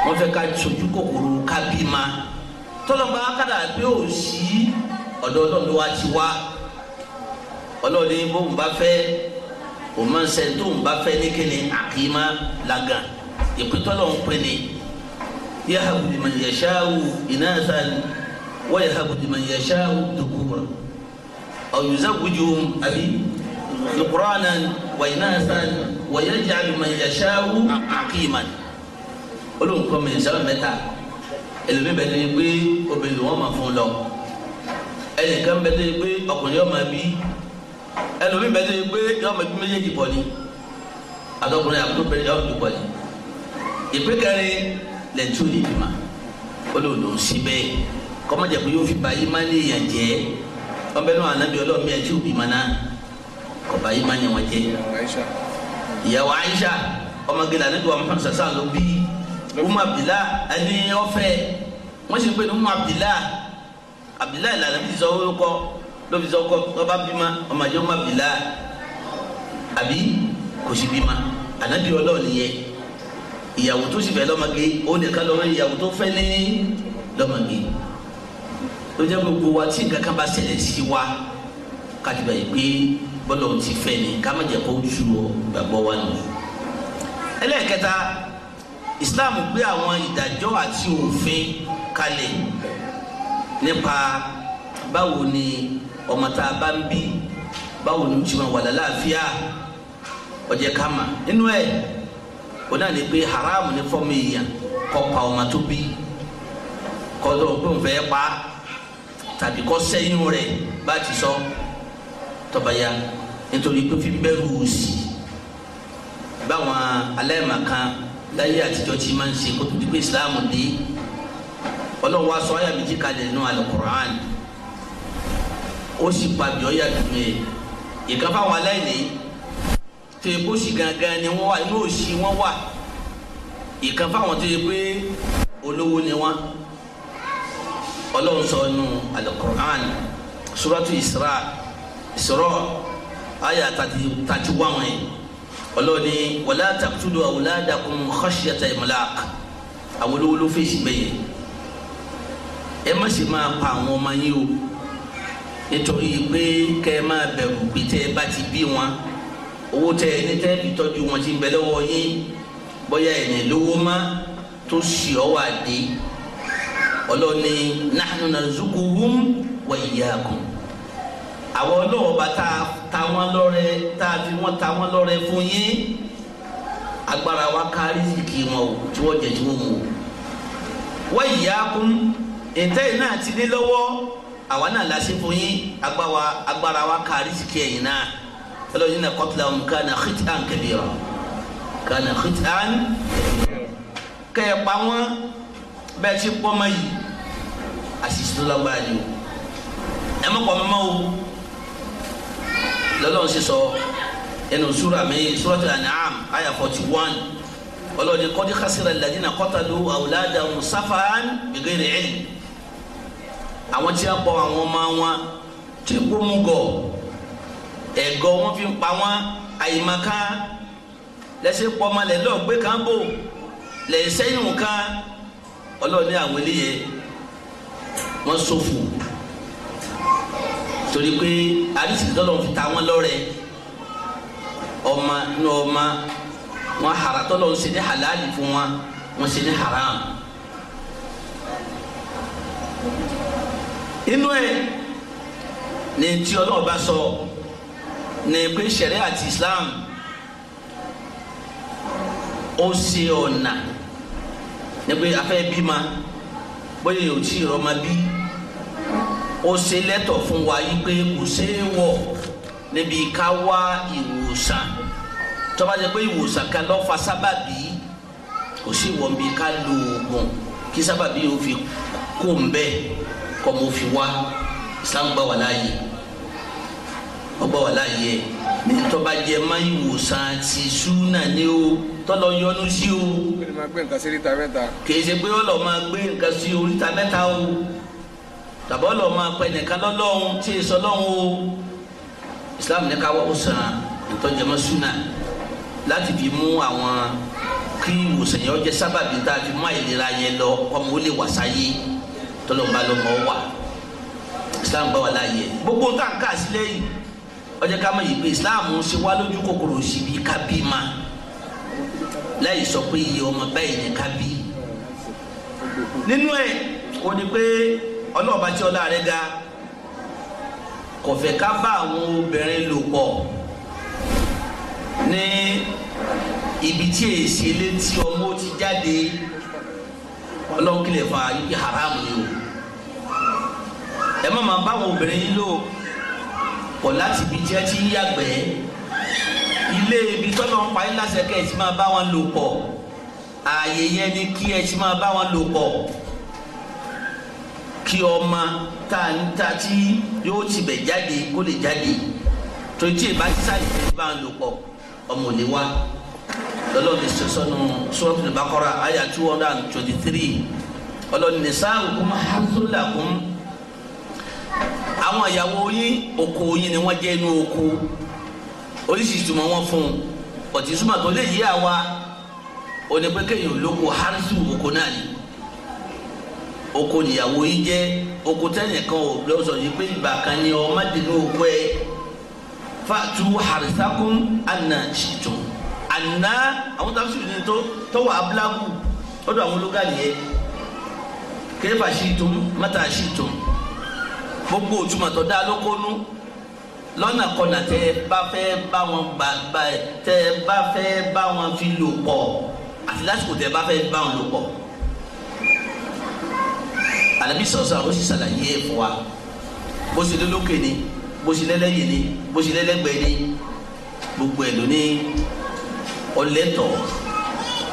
wọ́n fẹ́ ká sojú kòkòrò ká bímọ tọ́lọ́mọ akádà pé ò sí ọ̀dọ̀ Ọlọ́run ló wá ti wá Ọlọ́run ní bá fẹ́ òun máa ń sẹ́ tóun bá fẹ́ ní kíni àkìmá làgàn ìpíntọ́lọ́run pé ni yahabu liman yasha'u inasan wa yahabu liman yasha'u dhukura aw yuzawwijuhum abi dhukuranan wa inasan wa yaj'alu man yasha'u aqiman olóhùn kọ́ mi sábà mẹ́ta ẹlòmí bẹ tó yẹ pé obìnrin wọn máa fún lọ ẹnìkan bẹ tó yẹ pé ọkùnrin yọ máa bí ẹlòmí bẹ tó yẹ pé yọ máa bí méjèèjì pọ̀ ni àtọkùnrin àbúrò bẹ yọ máa bí ni ìpín kẹrin lẹ́yìn tí ò lè bímọ ó lè lòún sí bẹ́ẹ̀ kọ́mọ̀jẹ̀ pé yóò fi ba yìí máa ń léèyàn jẹ́ ọbẹ̀ náà ànábì ọlọ́run bíi ẹtí òbí mọ náà kọ̀ọ̀bá yìí máa ń Aisha ọmọge la nígbà wọn fàṣà sáà ló bí umu Abdillah ẹni ọfẹ wọn sì pé umu Abdillah Abdillah ìlànà bí sọ wọn kọ ló fi sọ kọ ọba bímọ ọmọdé umu Abdillah àbí kò sí bímọ ànábì ọlọ́run yẹn ìyàwó tó sì fẹ́ lọ́mọge ó nìkan lọ́rọ́ ìyàwó tó fẹ́ ní lọ́mọge ló jẹ́ gbogbo wa tí nǹkan kan bá ṣẹlẹ̀ sí wa kàdìgbà yìí pé bọ́lá ò ti fẹ́ ni ká má jẹ́ kó ju gbàgbọ́ wa nù. ẹlẹ́ẹ̀kẹta Islam gbé àwọn ìdájọ́ àti òfin kalẹ̀ nípa báwo ni ọmọ tá a bá ń bí báwo ni ó ti máa wà lálàáfíà ó jẹ́ ká mà nínú ẹ̀ o náà ní pé haramu ní fọ́ọ̀mù èèyàn kọ́ pa ọmọ tó bí kọ́ tó ń pè ń fẹ́ pa tàbí kọ́ sẹ́yìn rẹ̀ bá ti sọ tọ́ba ya nítorí pé fi bẹ́rù sí báwọn aláìmọ̀kan láyé àtijọ́ ti máa ń ṣe kó tó di pé Islam dé ọlọ́run wa sọ ayà méjì kalẹ̀ nínú alukur'an ó sì pàbí ọ̀yà dùn ẹ̀ ìkan fáwọn aláìní tó yẹ kó sì gangan ni wọ́n wà inú òsì wọ́n wà ìkan fáwọn tó yẹ pé olówó ni wọ́n ọlọ́run sọ nù alukur'an suratu isra isra aya tati tati wáwọn yìí ọlọ́run ni wàlá taqtulu awladakum khashyata imlaq àwọn olówó ló fèsì bẹ́yẹ ẹ má sì máa pa àwọn ọmọ yín o nítorí pé kẹ́ ẹ máa bẹ̀rù pé bá ti bí wọn. owó tẹ ẹni tẹ́ fi tọ́jú wọn ti ń bẹ lọ́wọ́ yín bóyá ẹ̀yìn lówó má tó sì ọ́ wà dé ọlọ́ni nahnu narzuquhum wa iyyakum àwọn ọlọ́wọ́ bá ta wọn lọ́rẹ tá a fi wọn ta wọn fún yín wa wọn o tí wọ́n jẹ tí wọ́n mu o ìtẹ́yìn náà ti ọlọ́run iná kọ́tìlá ọ̀hún kánà khit'an kabira kánà khit'an kẹ̀ẹ̀pá wọn bẹ́ẹ̀ ti pọ́ mọ́ yìí àṣìṣe tó lágbára ni o ẹ má pọ̀ mọ́ o lọ́lọ́run ṣe sọ ẹnu sura mi suratul an'am aya forty one ọlọ́run kọ́dí khasira alladhina qatalu awladahum safahan bighayri ilm àwọn tí a pọ̀ àwọn ọmọ wọn tí kò mú gọ̀ọ́ ẹ̀gọ́ wọn fi ń pa wọn àyèmàká lẹ́sẹ̀ pọ́nmọ lẹ́ lọ́ọ̀gbé kan bò lẹ́sẹ̀yìn kan ọlọ́run ní àwọn eléyẹ wọ́n ṣòfò torí pé àdìsí tọ́lọ̀ fi ta wọ́n lọ́rẹ̀ ọmọ ní ọmọ wọn hara tọ́lọ̀ ń ṣe ní halali fún wọn wọn ṣe ní haram inú ẹ ní tí ọlọ́ọ̀bá sọ. So, ní pé sẹ̀rẹ́ àti Islam ó ṣe ọ̀nà ní pé afẹ́ bímọ bóyá yóò tí ì rọ́mọ bí ó ṣe lẹ́tọ̀ fún wa yí pé kò ṣe é wọ̀ níbi ká wá ìwòsàn tó bá jẹ́ pé ìwòsàn kan ló fa sábàbí kò sí ìwọ̀n bí ká lo oògùn kí sábàbí yóò fi kó ń bẹ́ẹ̀ kọ́ mo fi wá Islam gbà wà láàyè ọgbà wà láàyè ní tọ́ba jẹ máa ń wòsàn àti súnà ni o tọ́lọ yọnu sí o. kí ni máa gbé nǹkan sí oríta mẹ́ta. kì í ṣe pé ọlọ́ máa gbé nǹkan sí oríta mẹ́ta o tàbí ọlọ́ máa pẹ nìkan lọ́lọ́run tí ì sọ lọ́run o Islam ní ká wọ́n wòsàn ìtọ́jọmọ́ súnà láti fi mú àwọn kí ìwòsàn yẹn ọjọ́ sábàbí tá a fi mú àìlera yẹn lọ ọmọ ó lè wà sáyé tọ́lọ́mọba lọ́mọ wà Islam gbà wà láàyè gbogbo nǹkan kà sílẹ̀ yìí ó jẹ́ ká mọ̀ yìí pé islam ń ṣe wá lójú kòkòrò síbi kábí ma láì sọ pé iye ọmọ báyìí ni kábí nínú ẹ̀ o ní pé ọlọ́ọ̀bá tí ọlá rẹ̀ ga kò fẹ́ ká bá àwọn obìnrin lò pọ̀ ní ibi tí èsì létí ọmọ ti jáde ọlọ́ọ̀kìlẹ̀ fà yí haramu yìí o ẹ má máa bá àwọn obìnrin yìí lò kọ̀ láti ibi tí ẹ ti ń yàgbẹ́ ilé ibi tọ́lọ̀ ń parí láṣẹ kẹ́ ẹ ti máa bá wọn lò pọ̀ ààyè yẹn ni kí ẹ ti máa bá wọn lò pọ̀ kí ọmọ tá a ń ta tí yóò ti bẹ̀ jáde kó lè jáde tó tí ì bá ti sáyé bá wọn lò pọ̀ ọmọ ò lè wá lọ́lọ́ọ̀ni sọ́sọ́nù Suratul Baqara two hundred and twenty three ọlọ́ọ̀ni sáà kún hàzúlà kún àwọn ìyàwó yín oko yín ni wọ́n jẹ́ inú oko oríṣi ìtumọ̀ wọn fún un ọ̀tí ìtumọ̀ tó lè yí àwa onípẹ́kẹ́yìn lóko hansu oko náà ni oko nìyàwó yín jẹ́ oko tẹ́nìkan ò lọ́sọ̀ yìí pé ìgbà kan ni ọmọdéni oko ẹ fatu harisakum anna ṣìtún àná àwọn táwọn sùn ní tó tọwọ́ abúlágù ọdọ àwọn ológàlì yẹ kẹfà ṣìtún mẹ́ta ṣìtún gbogbo òtúmọ̀ tó dá lókónú lọ́nà kọ̀nà tẹ́ ẹ bá fẹ́ bá wọn gbà gbà ẹ tẹ́ ẹ bá fẹ́ bá wọn fi lò pọ̀ àti lásìkò tẹ́ ẹ bá fẹ́ bá wọn lò pọ̀ àlàbí sọ̀sọ̀ àwọn sì ṣàlàyé ẹ̀ fún wa bó ṣe lólókè ni bó ṣe lẹ́lẹ́yìn ni bó ṣe lẹ́lẹ́gbẹ̀ẹ́ ni gbogbo ẹ̀ ló ní ọlẹ́tọ̀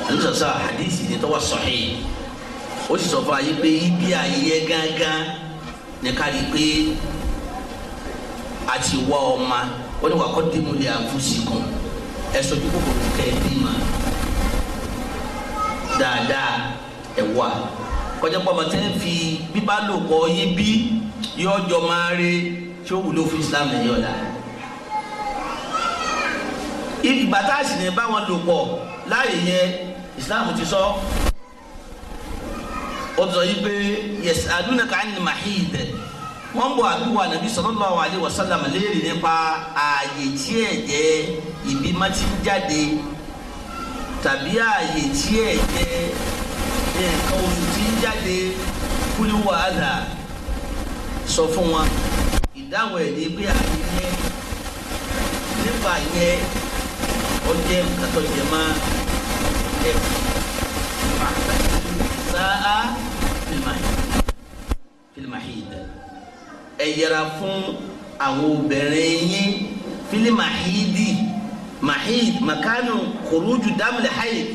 àlàbí sọ̀sọ̀ àdìsí ni tọ́wọ́ sọ̀hìn ó sì sọ pé ibi àyè gángan ní ká rí i pé a ti wá ọma wọ́n ní wà kọ́ dìmú lè àfúsì kan ẹ sọ dúpọ̀ kò kẹ́ ẹ bí ma dáadáa ẹ wà kọjá pọ̀mọ́ tẹ́ fi bíbá lò kọ́ yé bí yọ ọjọ́ máa rí tí ó wúlò fún Islam ẹ̀yọ́ la ìgbà tá a sì ní báwọn lò pọ̀ láàyè yẹn Islam ti sọ. So, ó sọ yìí anyị yẹsẹ adúnaka ànìmáhìd wọn bọ àdúrà nàbí sallallahu alaihi wasallam léèrè nípa ààyè tí ẹ̀jẹ̀ ìbí má ti jáde tàbí ààyè tí ẹ̀jẹ̀ nǹkan oṣù tí ń jáde kúlú wàhálà sọ fún wa ìdáhùn ẹ̀ ní pé ààyè nípa ọjẹ́ ẹ̀ nìsáà filimahid ẹ yẹra fún àwọn obìnrin yín filimahidi mahid makanu kuruju damle hayid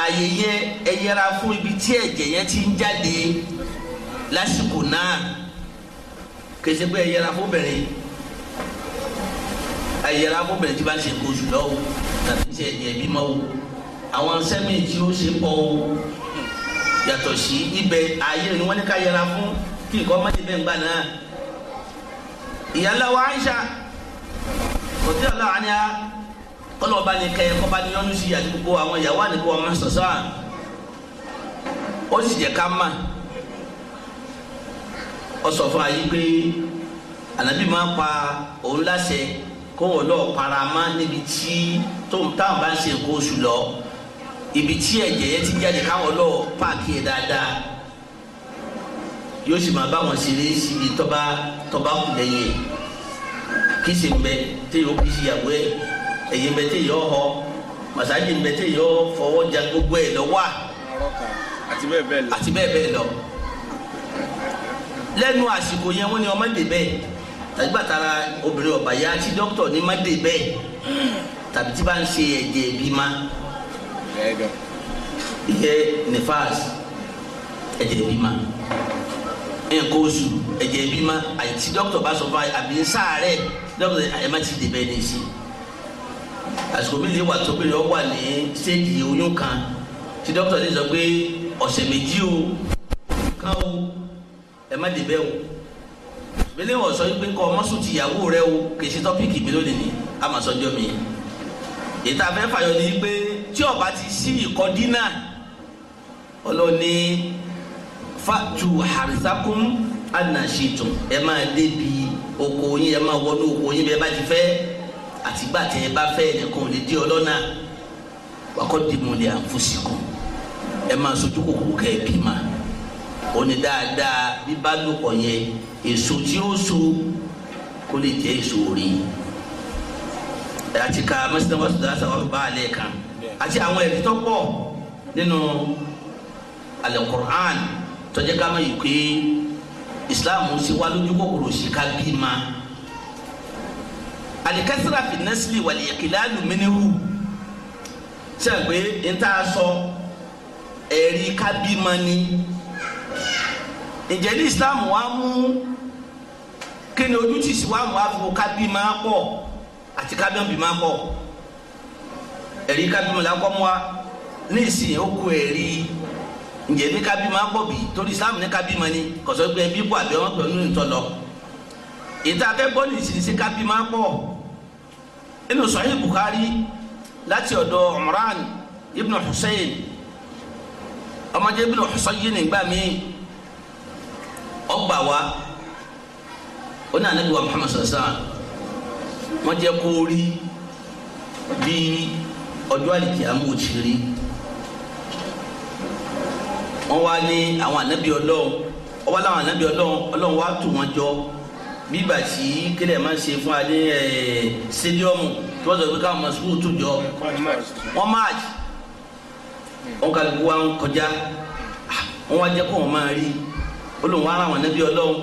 ààyè yẹ ẹ yẹra fún ibi tí ẹ̀jẹ̀ yẹn ti ń jáde lásìkò náà kèsì pé ẹ yẹra fún obìnrin ẹ yẹra fún obìnrin tí bá ṣe nǹkan lọ́wọ́ tàbí ṣe ẹ̀jẹ̀ bímọ o àwọn sẹ́mi tí ó ṣe pọ̀ o yàtọ̀ sí ibẹ̀ ayé ni wọ́n ní ká yẹra fún kí nǹkan má ti bẹ́ẹ̀ gbà náà ìyáláwa Aisha òtí ọlọ́wà ni a kọlọ́ọ̀bá ni kẹ́ kọ́ba ni yọ́nú sí àti gbogbo àwọn ìyàwó àdìgbò ọmọ sọ̀sọ́ à ó sì jẹ́ ká mà ó sọ fún ayé pé ànábì máa pa òun láṣẹ kó wọn lọ́ọ̀ para má níbi tí tóun táwọn bá ń ṣe nǹkan oṣù lọ́ọ́ ibi tí ẹ̀jẹ̀ yẹn ti jáde káwọn lọ páàkì yẹn dáadáa yóò sì máa bá wọn ṣeré síbi tọ́ba tọ́ba kù lẹ́yìn kí sì ń bẹ téèyàn ó kí sí ìyàwó ẹ̀ ẹ̀yìn bẹ téèyàn ọ̀họ́ màsáàjì ń bẹ téèyàn fọwọ́ ja gbogbo ẹ̀ lọ́wọ́ àti bẹ́ẹ̀ bẹ́ẹ̀ lọ lẹ́nu àsìkò yẹn wọ́n ní ọmọ dè bẹ́ẹ̀ tàbí bàtàrà obìnrin ọ̀bàyà tí dókítà ní má dè bẹ́ẹ̀ tàbí tí bá ń ṣe ẹ̀jẹ̀ ìbímọ ihe nefas ẹ̀jẹ̀ e e bí e ma nǹkan oṣù ẹ̀jẹ̀ bí ma àti dókítà bá sọ fún wa àbí nsáàárẹ̀ dókítà ẹ̀ má ti dè bẹ́ẹ̀ ní sí àsìkò mi lè wà tó péré ọ wà ní stéèjì oyún kan tí dókítà lè sọ pé ọ̀sẹ̀ méjì o kan o ẹ má dè o bẹ́lẹ̀ wọ̀ sọ pé kọ́ mọ́sùn ti ìyàwó rẹ o kì í ṣe tọ́pìkì mi lónìí ni a máa sọ jọ́ mi ìta fẹ́ fàyọ ni pé tí ọba ti sí ìkọdínà ọlọ́ni fatu harisakum anasitum ẹ máa débi oko yín ẹ máa wọnú oko yín bẹ́ẹ̀ bá ti fẹ́ àtìgbà tẹ ẹ bá fẹ́ ẹnìkan ò lè dé ọlọ́nà wakọ́dìmù lè àǹfọ̀sìkùn ẹ máa sojú kòkòrò kẹ́ ẹ bímọ òní dáadáa bíbá lòpọ̀ yẹn èso tí ó so kó lè jẹ́ èso rí àti ká mọ́sídẹ́wọ́sọ̀dá sáwọn bá a lẹ́ẹ̀kan àti àwọn ẹ̀rí tó pọ̀ nínú alukur'an tó jẹ́ ká mọ̀ yìí pé islam sì wá lójú kòkòrò sí ká bí ma alikasira fi nasili wali ikilalu minihu sẹ́gbẹ́ n ta sọ ẹ̀rí ká bí ma ni ǹjẹ́ ní islam wa mú kí ni ojútùú sí wa mú àfikún ká bí ma pọ̀ àti ká bí ma pọ̀ ẹ̀rí kábímọ làkọ́ mọ́ wa ní ìsìn ó kú ẹ̀rí ǹjẹ́ bí kábímọ á pọ̀ bí torí islam ní kábímọ ni kọ̀sọ́ pé ẹbí pọ̀ àbí ọmọ pẹ̀lú ìtọ́ lọ. ìta akẹ́kọ̀ọ́ ní ìsìn sí kábímọ á pọ̀ inú sahih bukhari láti ọ̀dọ̀ umran ibn hussein ọmọdé ibn hussein nígbà míì ọgbà wa ó ní anabi wa muhammad sallallahu alaihi wasallam wọn jẹ kó rí bíi ọjọ́ àlìkí amóhùnsírí wọ́n wá ní àwọn ànábì ọlọ́run wọ́n wá láwọn ànábì ọlọ́run ọlọ́run wá tù wọ́n jọ bígbà tí kílẹ̀ máa ń ṣe fún adé ẹ̀ stadiumu tí wọ́n sọ pé káwọn mọ̀sùkúù tù jọ wọ́n march wọ́n kálukú wa ń kọjá wọ́n wá jẹ́ kó wọ́n máa rí olùwọ́n ara àwọn ànábì ọlọ́run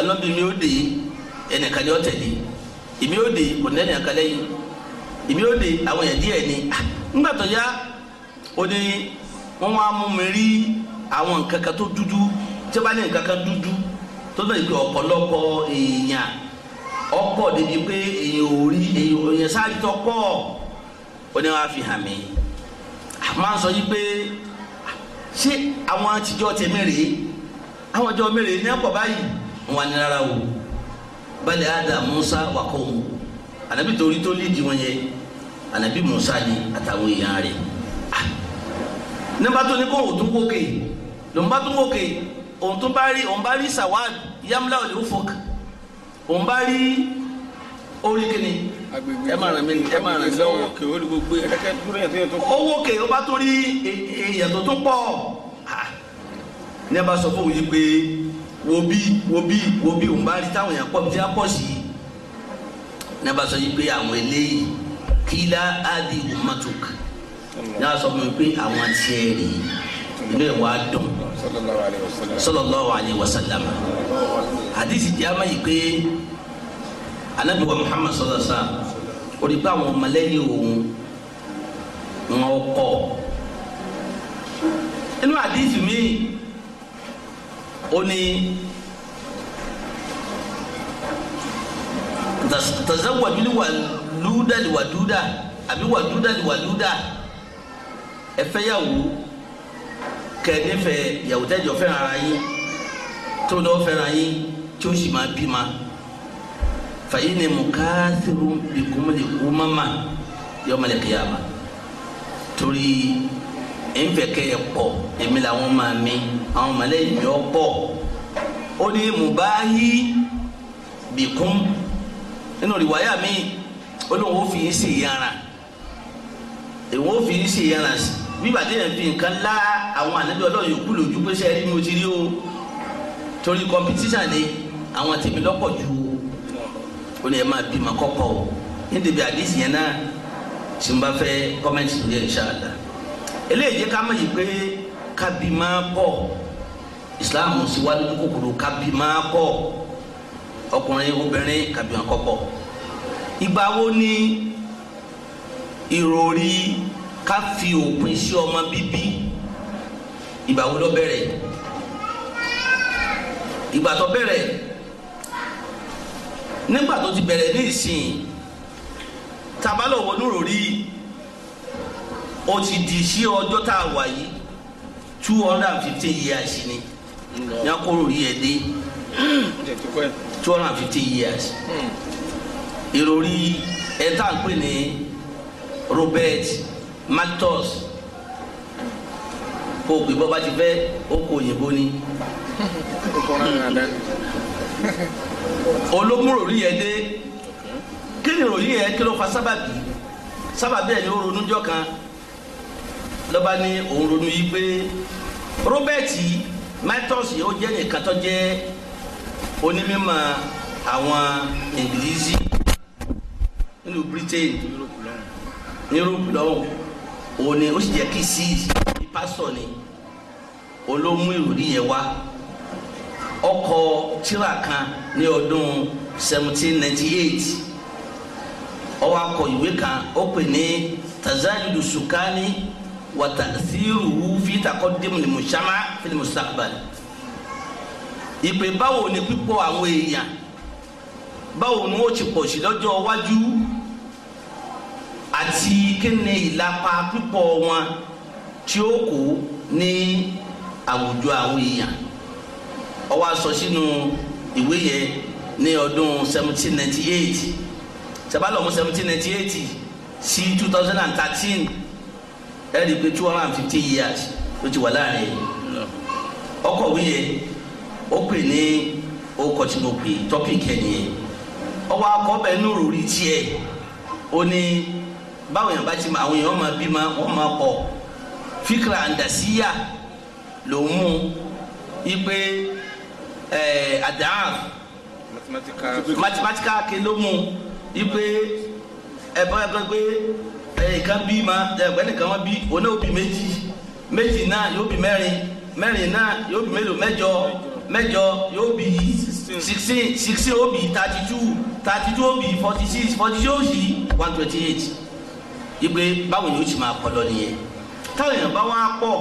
ànábì mi ó dé ẹnìkan ni ó tẹ̀lé èmi ó dé kò ní ẹnìkan lẹ́yìn èmi ó lè àwọn èèyàn díẹ̀ ni ah, nígbà tó yá ó ní wọ́n wá mú mi rí àwọn nǹkan kan tó dúdú tí ó bá ní nǹkan kan dúdú tó náà ìpè ọ̀pọ̀lọpọ̀ èèyàn ọ̀pọ̀ débi pé èèyàn ò rí èèyàn sáré tó pọ̀ ó ní wọ́n á fi hàn mí àmọ́ ah, sọ yí pé ah, ṣé àwọn àtijọ́ tẹ mẹ́rẹ̀ẹ́ àwọn àjọ mẹ́rẹ̀ẹ́ ní àpọ̀ báyìí wọn ni rárá o balẹ̀ adam musa wà kọ́ wọn ànábì torí tó lídìí wọn yẹ ànábì Musa ni àtàwọn èèyàn rẹ̀ ah! nígbà tó ní kó òun wókè lòun bá wókè òun tún bá rí òun bá rí sawad yamla olè ufok òun bá rí orí kìíní ẹ máa ràn mí ẹ máa ràn mí lọ́wọ́ ó wókè ó bá tó rí e, e, èèyàn tó pọ̀ ah! ní a fún òun yìí pé wo bí wo bí wo bí òun bá rí táwọn èèyàn pọ̀ bí a pọ̀ sí i ní abá sọ yìí pé àwọn eléyìí kílá adi umatuk ní abá sọ fún mi pé àwọn tiẹ̀ rèé inú dùn sallallahu alayhi wa sallam hadisi jaama yìí pé anabi wa muhammad sallallahu alayhi wa sallam ó di pé àwọn ọmọlẹ́yìn òun wọn kọ́ inú hadisi mi ó ní. tazawwaju li waluda li waduda àbí waduda li waluda ẹ fẹ́ yàwó kẹ́ ẹ nífẹ̀ẹ́ yàwó tẹ́jọ fẹ́ràn ara yín tó lọ́ọ́ fẹ́ràn yín tí ó sì máa bí ma fàyín ni mo ká sírú ìkúmọ̀lẹ̀ kúmọ̀mà yọmọlẹ̀ kìyàmà torí ẹnfẹ kẹyẹ pọ èmi làwọn máa mi àwọn mọlẹ́yìn yọ pọ ó ní mubahi bikum nínú rìwáyà mi olóhùn ó fi í sí ìyára èwọn ó fi í sí ìyára bíbà tí yẹn fi nǹkan lá àwọn ànábì ọlọ́run yòókù lójú pé sẹ́ẹ̀rí mi ò ti rí o torí kọmpitíṣà ni àwọn tèmi lọ́pọ̀ ju ó ní ẹ máa bímọ kọ́pọ̀ o ní débi àdìsí yẹn náà tí n bá fẹ́ kọ́mẹ́ntì lórí ẹ̀ ṣáàdà eléyìí jẹ́ ká mọ̀ yìí pé kábímá pọ̀ Islam sì wá lójú kòkòrò kábímá pọ̀ ọkùnrin obìnrin kàbí wọn kọ́kọ́ ìgbà wo ni ìròrí ká fi òpin sí ọmọ bíbí ìgbà wo ló bẹ̀rẹ̀ ìgbà tó bẹ̀rẹ̀ nígbà tó ti bẹ̀rẹ̀ ní ìsìn tabalọ̀ wọnú ròrí ti di sí ọjọ́ tá a wà yìí two hundred and fifteen years ni ní akóró rí ẹ dé two hundred and fifty years ìròrí ẹ̀ta ń ní Robert Malthus kó o pè bọ́ bá ti fẹ́ ó kó òyìnbó ni olómúrò rí yẹn dé kí ni ìròyìn yẹn kí ló fa sábàbí sábàbí ẹ̀ ni ó ronú jọ kan lọ́ba ní òun ronú yìí pé Robert Malthus yìí ó jẹ́ nìkan tó jẹ́ onímọ̀ àwọn ìngilísì nínú britain ní europe lọ́wọ́ òní ó sì jẹ́ kí sí i pásítọ̀ ni olómú ìròrí yẹn wá ọkọ̀ tíra kan ní ọdún seventeen ninety eight ó wá kọ ìwé kan ó pè ní tazayidu sukani wa ta'thiruhu fi taqaddim limushama fil mustaqbal ìpè báwo ni pípọ̀ àwọn èèyàn báwo ni wọ́n ti pọ̀ sí lọ́jọ́ iwájú àti kíni ìlapa pípọ̀ wọn tí ó kù ní àwùjọ àwọn èèyàn ó wá sọ sínú ìwé yẹn ní ọdún seventeen ninety eight sabalọmọ seventeen ninety eight sí two thousand and thirteen ẹ pé two hundred and fifty years ló ti wà láàrin ọkọ̀ wíyẹn. ó pè ní orúkọ tí mo pè tọ́pìkì ẹ̀ nìyẹn ọwọ́ akọ́ bẹ́ẹ̀ nù rúri tiẹ̀ ó ní yẹn bá ti ma bi yẹn ma bí ma wọn ma kọ fikra andasiya ló mú ipe ẹ adaa mathematical ke ló mú ipe ẹbọ ẹbọ pé ẹnìkan bí ma ẹnìkan wọn bí oní òbí méjì méjì náà yóò bí mẹ́rin náà yóò bí mẹ́jọ yóò bí sixteen sixteen ó bí thirty two thirty two ó bí forty six forty two ó sì one twenty eight ìgbé báwo ni ó ti máa pọ̀ lọ nìyẹn táwọn èèyàn bá wá pọ̀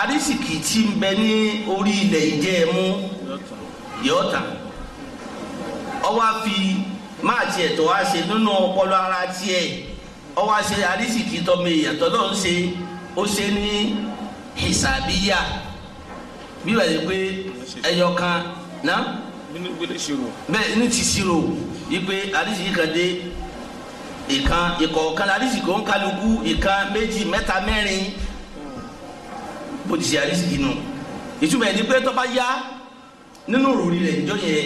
arísìkì tí ń bẹ ní orí ilẹ̀ ìjẹ́ ẹ mú yóò tàn ọwọ́ àfi máa tiẹ̀ tó wá ṣe nínú ọpọlọ ara tiẹ̀ ọwọ́ àṣẹ arísìkì tọmọ èèyàn tọ́lọ́ ń ṣe ó ṣe ní ìsàbíyà bí wàá yẹ pé ẹyọ kan náà bẹ́ẹ̀ ní ti ṣírò yìí àdìsí yìí ìkan ìkọ̀ọ̀kan àdìsí kò ń kálukú ìkan méjì mẹ́ta mẹ́rin bó ti ṣe àdìsí yìí ìtumọ̀ ẹ̀ ní pé tó bá yá nínú òrùlé rẹ̀ ìjọ yẹ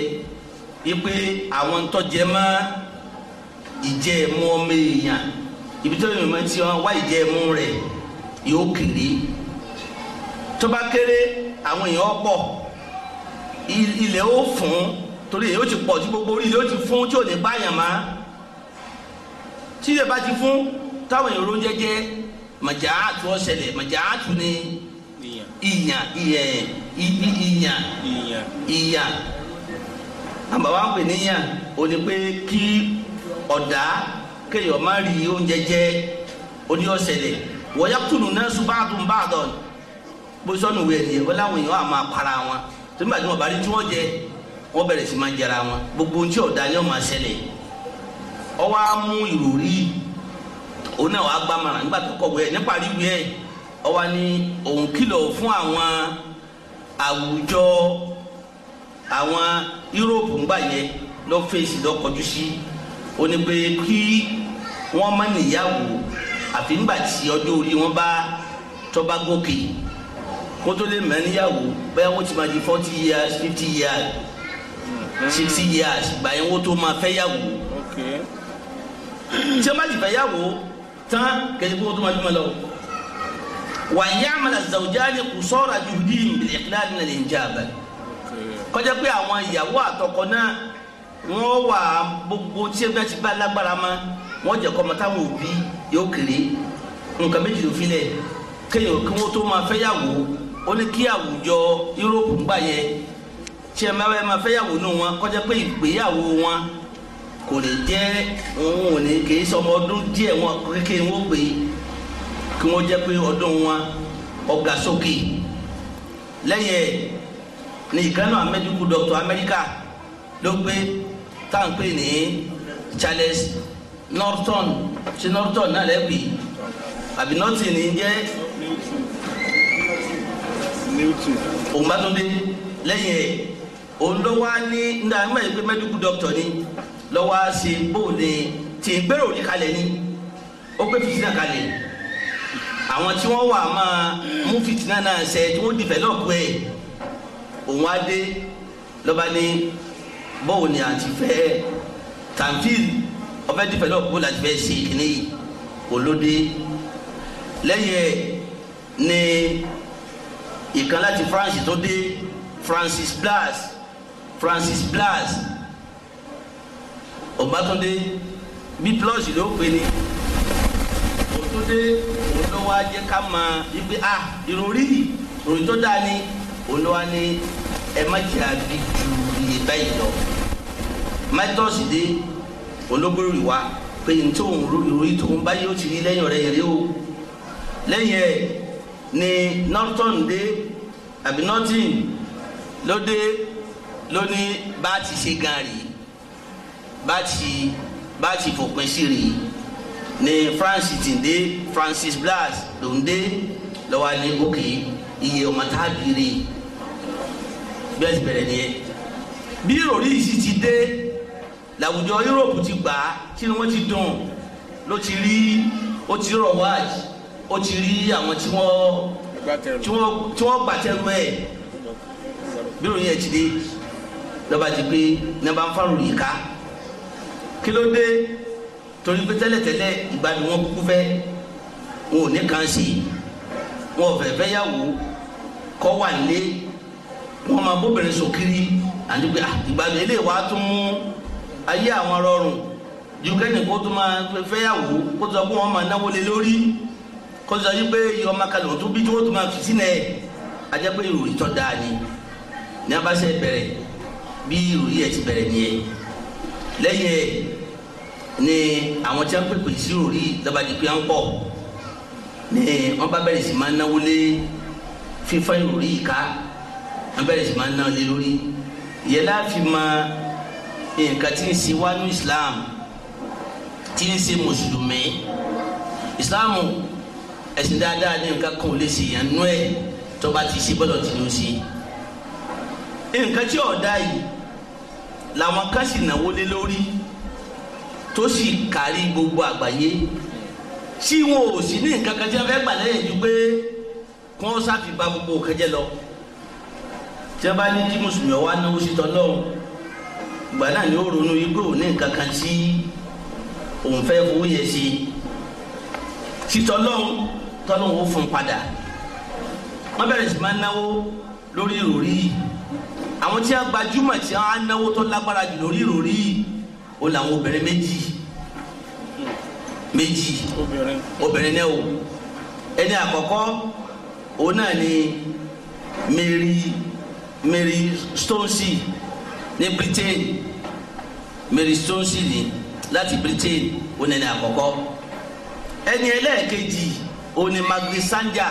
yìí àwọn ń tọ́jẹ mọ́ ìjẹ́ ẹ̀mú ọmọ èèyàn ibi tó yẹ mọ́ ti wọn wá ìjẹ́ ẹ̀mú rẹ̀ yóò kéré tó bá kéré àwọn èèyàn pọ̀ ilẹ̀ ó fún torí èyí ó ti pọ̀ tí gbogbo orí ilẹ̀ ó ti fún tí ò ní báyàn má tí ilẹ̀ bá ti fún táwọn èrò jẹjẹ màjáàtú ọ̀sẹ̀lẹ̀ màjáàtú ni ìyàn ìyàn ìyàn àmọ́ wa ń pè níyàn ó ní pé kí ọ̀dà kéèyàn má rí oúnjẹ jẹ ó ní ọ̀sẹ̀lẹ̀ wọ́n yá kùnú náà sùn bá a dùn bá a dọ̀nù bó sọnù wẹ̀ nìyẹn ó láwọn èèyàn á máa para wọn tó nígbà tí wọn bá rí tí wọn jẹ wọn bẹ̀rẹ̀ sí máa jẹra wọn gbogbo ohun tí ọ̀dà ni wọn máa ṣẹlẹ̀ ọwọ́ á mú ìròrí òun náà wàá gbàmọ̀ràn nígbà tó kọ̀wé ẹ̀ nípa ríbi ẹ̀ ọwọ́ ni òun kìlọ̀ fún àwọn àwùjọ àwọn yúróòpù ńgbà yẹn lọ fèsì lọ kọjú sí ó kí wọ́n má níyàwó àfi ńgbà tí ọjọ́ orí wọn bá tó gòkè kótó lè mẹ́ níyàwó bẹ́ẹ̀ wọ́n ti máa di forty years fifty years mhm. sixty years gbà yẹn wọ́n tó máa fẹ́ yàwó tí a máa ti fẹ́ yàwó tán kẹ́lẹ́ kó wọ́n tó máa bímọ lọ. wà á yá àmàlà zàwùjáde kò sọ́ra ju bí ìbílẹ̀ kíláàdì náà lè ń jẹ́ àbẹ̀. kọjá pé àwọn ìyàwó àtọkọ náà wọ́n wà gbogbo tí ẹgbẹ́ ti bá lágbára mọ́ wọ́n jẹ́ kọ́mọ táwọn òbí yóò kéré nǹkan méjì ló fi lẹ̀ kéèyàn kí wọ́n tó máa fẹ́ yàwó ó ní kí àwùjọ yúróòpù ń gbà yẹ tí ẹ máa bá ẹ máa fẹ́yàwó nù wọn kọjá pé ìgbéyàwó wọn kò ní jẹ́ òun ò ní kì í sọmọ ọdún díẹ̀ wọn kékeré wọn pè é kí wọ́n jẹ́ pé ọdún wọn ọ̀gá sókè lẹ́yìn ẹ̀ ní ìkànnì amẹ́díkù dr amẹ́ríkà ló gbé táǹpé ní Charles Norton ṣe Norton náà lẹ́bi àbí Norton ní jẹ́ newton. òun bá tún dé lẹ́yìn ẹ̀ òun ló wá ní nígbà nígbà yìí pé medical doctor ni lọ́wọ́ á ṣe bóòlù tí ń gbèrò ní kalẹ̀ ni ó gbé fìtínà kalẹ̀ àwọn tí wọ́n wà máa mú fìtínà náà ṣe tí wọ́n dìvẹ́lọ́pù ẹ̀ òun á dé lọ́ba ní bọ́ọ̀ ni àti fẹ́ tàǹfìl ọbẹ̀ dìvẹ́lọ́pù bó láti fẹ́ ṣe kìnìyí olóde lẹ́yìn ẹ̀ ní ìkan láti France tó dé Francis Blas Francis Blas Ọbátúndé bí plus ló pe ni Ọbátúndé òun ló wá jẹ́ ká mọ ibi a ìròrí ìròyìn tó dáa ni òun ló wá ní ẹ má jẹ́ àbí ju iye báyìí lọ mẹtọọsì dé ológbòrì wa pé n tó ń ròyìn tó ń báyìí ó ti rí lẹ́yìn ọ̀rẹ́ yẹn rí o lẹ́yìn ẹ̀ ni norton de àbí norton ló dé ló ní bá ti ṣe gan rí bá ti bá ti fòpin sí rí ni france ti dé francis blas ló ń dé lọ́wọ́ ní òkè iye ọmọ tá a bí rí bí ẹ ti bẹ̀rẹ̀ nìyẹn bí ìròrí yìí ti dé làwùjọ yúròpù ti gbà tí wọ́n ti dùn ló ti rí ó ti rọ̀ wáyé ó ti rí àwọn tí wọ́n tí wọ́n gbàtẹ́rù ẹ̀ bí ròyìn ẹ̀ ti dé lọ́ba ti pé nàbà ń fárò yìí ká kí ló dé torí pé tẹ́lẹ̀tẹ́lẹ̀ ìgbàdùn wọn kúkú fẹ́ wọn ò ní kàn sí wọn ò fẹ́ fẹ́ yàwó kọ́ wà lé wọn máa bóbìnrin sọ kiri àti pé ìgbàdùn eléyìí wàá tún mú ayé àwọn rọrùn ju kẹ́nìkan tó máa fẹ́ yàwó kó tó sọ pé wọ́n máa náwó lé lórí kó sọ yí pé ọmọ kan o tó bí tí wọ́n tún máa fi sínú ẹ̀ ajẹ́ pé ìròyìn tó dáa ni ní abáṣẹ́ bẹ̀rẹ̀ bí ìròyìn ẹ̀ ti bẹ̀rẹ̀ nìyẹn lẹ́yìn ẹ̀ ni àwọn tí wọ́n pèpè sí òrí lọ́bàdì pé wọ́n pọ̀ ni wọ́n bá bẹ̀rẹ̀ sí máa náwó lé fífọ́ ìròrí ìka wọ́n bẹ̀rẹ̀ sí máa náwó lé lórí ìyẹn láàfin máa nǹkan tí ń ṣe wánú Islam tí ń ṣe mùsùlùmí Islam. Islam ẹ̀sìn dáadáa ní nǹkan kan ò lè ṣe yàn nú ẹ̀ tó bá ti ṣe bọ́lọ̀ tí ló ṣe. nǹkan tí ọ̀dà yìí làwọn kan sì náwó lé lórí tó sì kárí gbogbo àgbáyé tí wọn ò sí ní nǹkan kan tí wọn fẹ́ gbà lẹ́yìn ju pé kí wọ́n sáfi ba gbogbo kẹjẹ lọ tí wọn bá ní kí mùsùlùmí ọwọ́ anáwó sí tọ́lọ́run ìgbà náà ni ó ronú igbó ní nǹkan kan tí òun fẹ́ fowó yẹ sí sí tọ́lọ́run tọ́lọ́hún ó fún padà wọ́n bẹ̀rẹ̀ sí máa náwó lórí ìròrí yìí àwọn tí a gbajúmọ̀ tí a náwó tó lágbára jù lórí ìròrí yìí ó làwọn obìnrin méjì méjì obìnrin náà o ẹni àkọ́kọ́ òun náà ni Mary Mary Stonesy ní Britain Mary Stonesy ni láti Britain òun náà ni àkọ́kọ́ ẹni ẹlẹ́ẹ̀kejì òní magre sanja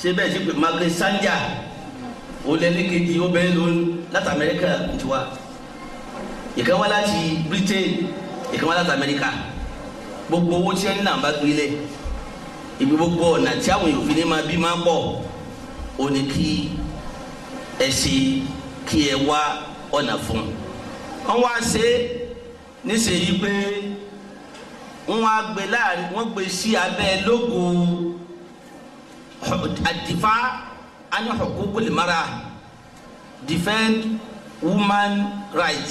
se bẹ́ẹ̀ ṣe pé magre sanja olẹ́lẹ́kejì obìnrin ló ń láti amẹ́ríkà tiwa ìkan wá láti britain ìkan wá láti amẹ́ríkà gbogbo owó tí ẹni náà bá gbilẹ̀ ibi gbogbo ọ̀nà tí àwọn èèyàn fi ní máa bí máa pọ̀ ó ní kí ẹ ṣe kí ẹ wá ọ̀nà fún un wọ́n wá ṣe é níṣẹ́ yìí pé wọn á gbé láàrin wọn gbé sí abẹ́ lógo àdìfá anyọ̀hókó kòlìmára defend woman right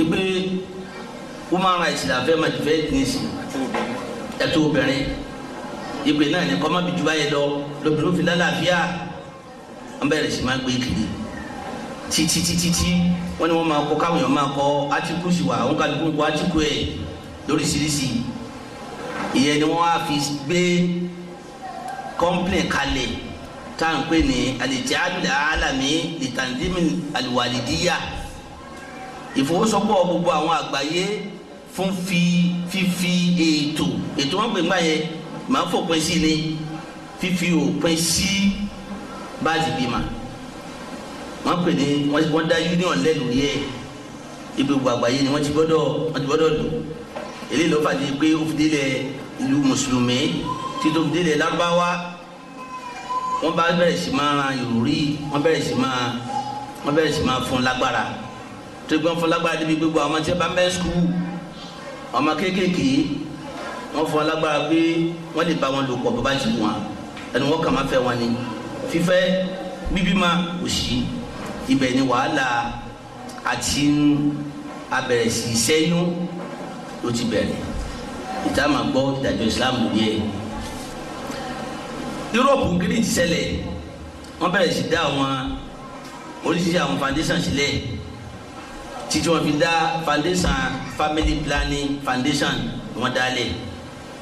ìgbé woman right la fẹ́ máa defend nísì ẹ̀tọ́ obìnrin ìgbé náà ní kọ́ má bìjú báyẹn lọ lóbìnrin fi lálàáfíà ń bẹ̀rẹ̀ sí máa gbé kiri títí títí tí wọ́n máa kọ́ káwọn èèyàn máa kọ́ átíkù sí wa òun kàlùkù ń kọ́ átíkù lóríṣiríṣi ìyẹn ni wọ́n á fi gbé kọ́ńpìlẹ̀ kalẹ̀ tá à ń pè ní alìjáde alàmì lìtàndínmì àlùwàlìdíyà ìfowósọpọ̀ gbogbo àwọn àgbáyé fún fífi ètò ètò wọn pè ń gbà yẹn màá fòpin sí ni fífi òpin sí báàsì bímọ wọn pè ní wọn dá union lẹ́nu yẹ ibi gbogbo àgbáyé ni wọn ti gbọ́dọ̀ wọn ti gbọ́dọ̀ lò eléyìí ló fàdí pé ó fi délẹ̀ ìlú mùsùlùmí títí ó fi délẹ̀ lárúbáwá wọ́n bá bẹ̀rẹ̀ sí máa ran ìròrí wọ́n bẹ̀rẹ̀ sí máa wọ́n bẹ̀rẹ̀ sí máa fún lágbára tó gbọ́n fún lágbára débi gbogbo àwọn tí bá ń bẹ́ skul ọmọ kéékèèké wọ́n fún lágbára pé wọ́n lè bá wọn lò pọ̀ bàbá jù wọn ẹnu wọn kà máa fẹ́ wọn ni fífẹ́ bíbí ma kò sí ibẹ̀ ni wàhálà àti abẹ̀rẹ̀ sí sẹ́yún ló ti bẹ̀rẹ̀ ìta máa gbọ́ ìdájọ́ islam lórí ẹ̀ yúròpù kiri ti ṣẹlẹ̀ wọ́n bẹ̀rẹ̀ sí dá àwọn oríṣiríṣi àwọn foundation sílẹ̀ títí wọ́n fi dá foundation family planning foundation wọ́n dálẹ̀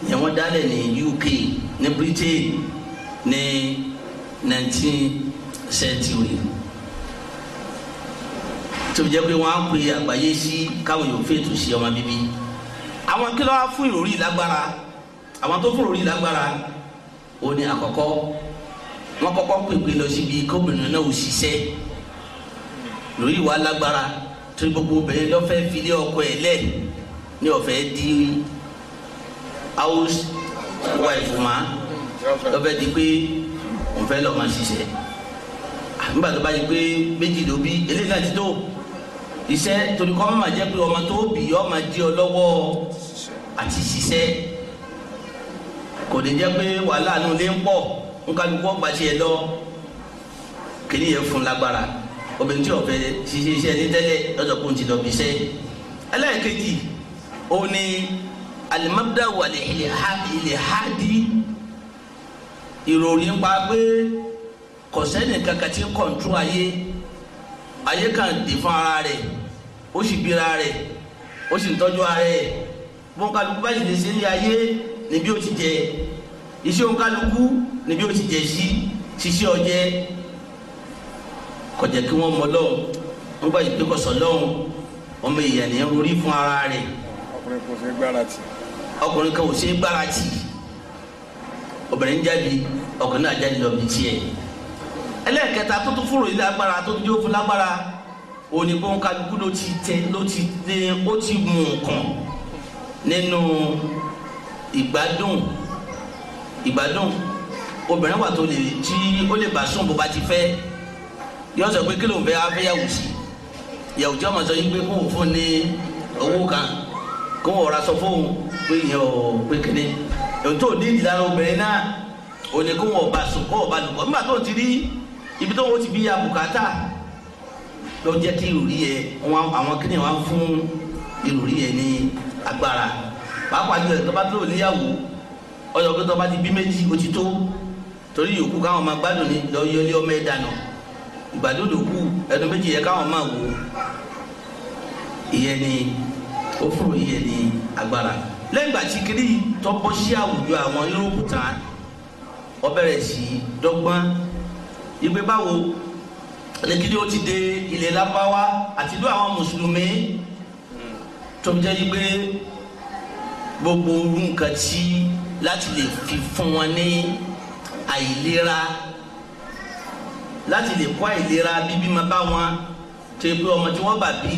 yẹn wọ́n dálẹ̀ ní UK ní Britain ní nineteen century tó fi jẹ́ pé wọ́n á pe àgbáyé sí káwọn yòó fètò sí ọmọ bíbí àwọn kí ló wá fún ìròrí lágbára àwọn tó fún ìròrí lágbára ó ní àkọ́kọ́ wọ́n kọ́kọ́ pèpè lọ síbi kóbìnrin náà ò ṣiṣẹ́ ìròrí wa lágbára tó gbogbo obìnrin lọ́fẹ́ filé ọkọ ẹ̀ lẹ̀ ní ọ̀fẹ́ di house wife ma lọ́fẹ́ di pé òun fẹ́ lọ́ọ́ máa ṣiṣẹ́ nígbà tó bá yẹ pé méjì ló bí eléyìí náà ti tó iṣẹ́ torí kọ́ máa jẹ́ pé ọmọ tó bì ọ́ máa jẹ́ ọ lọ́wọ́ àti ṣiṣẹ́ kò ní jẹ́ pé wàhálà àánú lé ń pọ̀ nkálukú ọgbà tiẹ̀ lọ kìnìún yẹn fún lágbára obìnrin tí ọ̀fẹ́ ṣiṣẹ́ iṣẹ́ ní tẹ́lẹ̀ lọ́jọ́ kó ń ti lọ bí iṣẹ́ ẹlẹ́ẹ̀kejì ó ní alimabda wà hadi ilẹ̀ ha di ìròyìn pa pé kọ̀sẹ́nì kankan ti ń kọ̀ntró ayé ayé kan dì fún ara rẹ̀ ó sì gbéra rẹ̀ ó sì ń tọ́jú ara rẹ̀ bọ́n kálukú bá sì lè ṣe ní ayé níbi ó ti jẹ iṣẹ́ òun kálukú níbi ó ti jẹ sí ṣiṣẹ́ ọjẹ́ kọjá kí wọ́n mọ lọ́wọ́ wọ́n gbàgbé pé kọ̀sọ̀ lọ́wọ́
ọmọ èèyàn ní orí fún ara rẹ̀
ọkùnrin kò ṣe é gbára tì ọkùnrin kan ò ṣe é gbára obìnrin jáde ọkùnrin náà jáde lọ bí tiẹ̀ ẹlẹ́ẹ̀kẹta tó tún fúrò lágbára tó tún jó fún lágbára oníbọn kálukú ló ti tẹ ló ti ní ó ti mú nǹkan nínú ìgbádùn ìgbádùn obìnrin wà tó lè tí ó lè bá sùn bó bá ti fẹ́ yọ sọ pé kí ló ń fẹ́ afẹ́yàwó sí ìyàwó tí ọmọ sọ yìí pé kó o fún ní owó kan kó o ra sọ fóun pé ìyẹn ò pé kéde èyí tó ní ìdára obìnrin náà òní kó o bá sùn kó o bá lùkọ́ nígbà tó ti rí ibi tó o ti bí ya ló jẹ́ kí ìròrí yẹ àwọn kíni wá fún ìròrí yẹ ní agbára pàápàá jù ẹ tó bá tó níyàwó ọyọ pé tó bá ti bí méjì ó ti tó torí yòókù káwọn máa gbádùn ní lọ yọlé ọmọ ẹ dànù ìgbàdùn lòókù ẹnu méjì yẹ káwọn máa wò ìyẹn ni ó fún ìyẹn ní agbára lẹ́yìn ìgbà tí kiri tó sí àwùjọ àwọn yúróòpù tán ó bẹ̀rẹ̀ sí dọ́gbọ́n ìgbé báwo alikiri ó ti dé ilẹ̀ lápáwá àti ìlú àwọn mùsùlùmí tó ń jẹ́ yí pé gbogbo orú nǹkan tí láti lè fi fún wọn ní àìlera láti lè kó àìlera bíbí máa bá wọn tó yẹ pé ọmọ tí wọ́n bà bí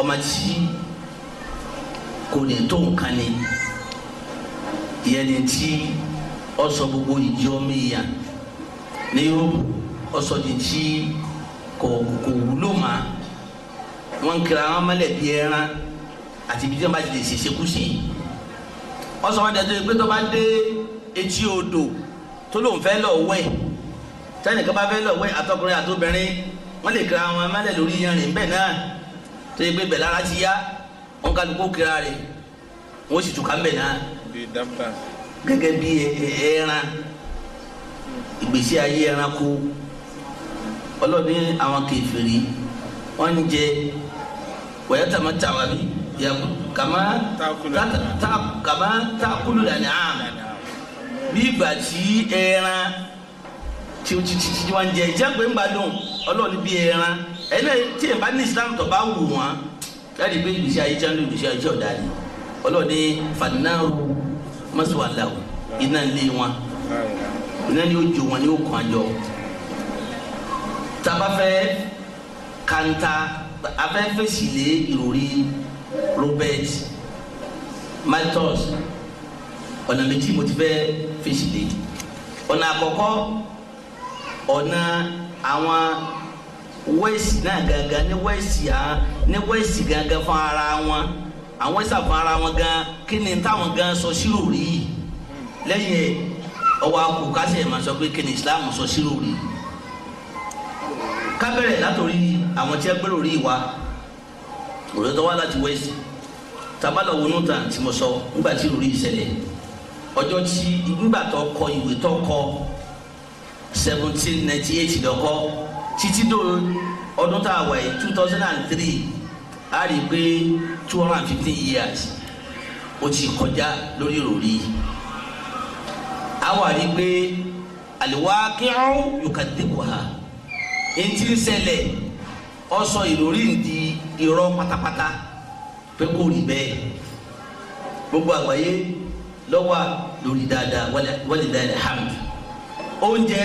ọmọ tí kò ní tó nǹkan ni ìyẹn ni tí ọsọ gbogbo ìjọ mi yàn ní Europe ọsọ di tí kò kò wúlò ma wọn kira wọn mẹlẹ bí ẹran àti ibi tí wọn bá ti lè ṣe ṣekúṣe wọn sọ wọn dẹjọ pé tó bá dé etí odò tó lóun fẹ́ lọ wẹ̀ tẹnìkan bá fẹ́ lọ wẹ̀ àtọkùnrin àtobìnrin wọn lè kira wọn mẹlẹ lórí yanrìn bẹ́ẹ̀ náà tó yẹ pé bẹ́ẹ̀ lára ti yá wọn kálukó kira rẹ̀ wọn sì tù ká bẹ́ẹ̀ náà gẹ́gẹ́ bí ẹran ìgbésí ayé ẹranko ọlọ́ọ̀ni àwọn kẹfìrí wọ́n ń jẹ wọ́yẹ́tàmá tàwárí kàmá kàmá tàkùlù lànà àm bí ìgbà tí ẹran tí o ti ti ti wọn jẹ ìjàgbé ń gbádùn ọlọ́ọ̀ni bí ẹran ẹni tí ìbá ní Islam tó bá wù wọn láti gbé ìgbésí ayé tí wọn lé ìgbésí ayé tí ọ̀dà ni ọlọ́ọ̀ni fanáwó mọ́sowàlà iná ilé wọn iná ni ó jó wọn ni ó kàn tába fẹ́ kanta abẹ́ fèsì lé ìròrí Robert Malthus ọ̀nà méjì mo ti fẹ́ fèsì lé ọ̀nà àkọ́kọ́ ọ̀nà àwọn wẹ́ẹ̀sì náà gangan ní wẹ́ẹ̀sì àwọn ní wẹ́ẹ̀sì gangan fún ara wọn àwọn wẹ́ẹ̀sì fún ara wọn gan kí ni táwọn gan sọ sí ìròrí yìí lẹ́yìn ẹ̀ ọwọ́ akọ kásẹ̀ ẹ̀ máa sọ pé kí ni Islam sọ sí ìròrí yìí ká bẹ̀rẹ̀ látòrí àwọn tí ẹ gbèrò rí wa òròdó wá láti west tabalọ wo nùtà tí mo sọ nígbà tí lórí ìṣẹ̀lẹ̀ ọjọ́ tí nígbà tó kọ ìwé tó kọ seventeen ninety eight lọkọ títí dò ọdún tá a wà yìí two thousand and three a rí i pé two hundred and fifteen years ó ti kọjá lórí ìròrí a wà rí i pé àlewà kí ọ́n yóò ká dé kó ha etí ń ṣẹlẹ̀ ọsọ ìlórí ń di irọ́ pátápátá pé kò rí bẹ́ẹ̀ gbogbo àgbáyé lọ́wọ́ lórí dáadáa wọ́lẹ̀ dáadáa hamd oúnjẹ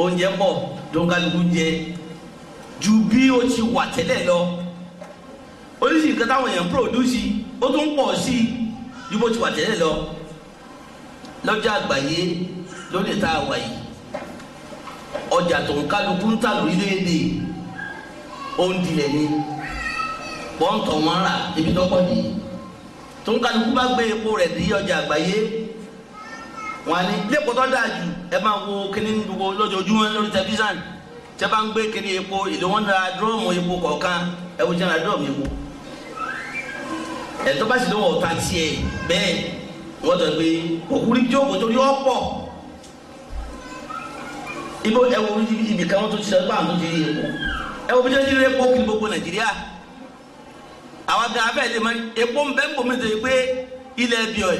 oúnjẹ pọ̀ dọ́kàlùkù jẹ ju bí ó ti wà tẹ́lẹ̀ lọ oríṣi nǹkan táwọn èèyàn pòdúsì ó tún pọ̀ sí i ju bó ti wà tẹ́lẹ̀ lọ lọ́jọ́ àgbáyé lónìí tá a ọjà tó ń kálukú ń tà lórílẹ̀‐èdè ó ń dilẹ̀ ni pọ́ńtọ̀ wọn rà ibi tọ́kọ̀ dì í tó ń kálukú bá gbé epo rẹ̀ dé ọjà àgbáyé wọn ni lẹ́kọ̀ọ́ tó dáa jù ẹ máa wo kíní gbogbo lójoojúmọ́ lórí tẹlifíṣàn tí a bá ń gbé kíní epo ìlú wọn ra dúrọ́ọ̀mù epo kọ̀ọ̀kan ẹ wo jẹ́ra dúrọ́ọ̀mù epo ẹ̀ tó bá sì lówó ọ̀tá tiẹ̀ bẹ́ẹ̀ wọ́n tọ́ gbé òkúri jókòó torí ọ̀pọ̀ ibo ẹwọ ibi kan wọn tó ti sọ pé àwọn tó ti rí epo ẹwọ bí wọn ti rí epo kí gbogbo nàìjíríà àwọn gan abẹ́ ilé mari epo ń bẹ́ ń bomi tó yẹ pé ilẹ̀ ẹbí ọ̀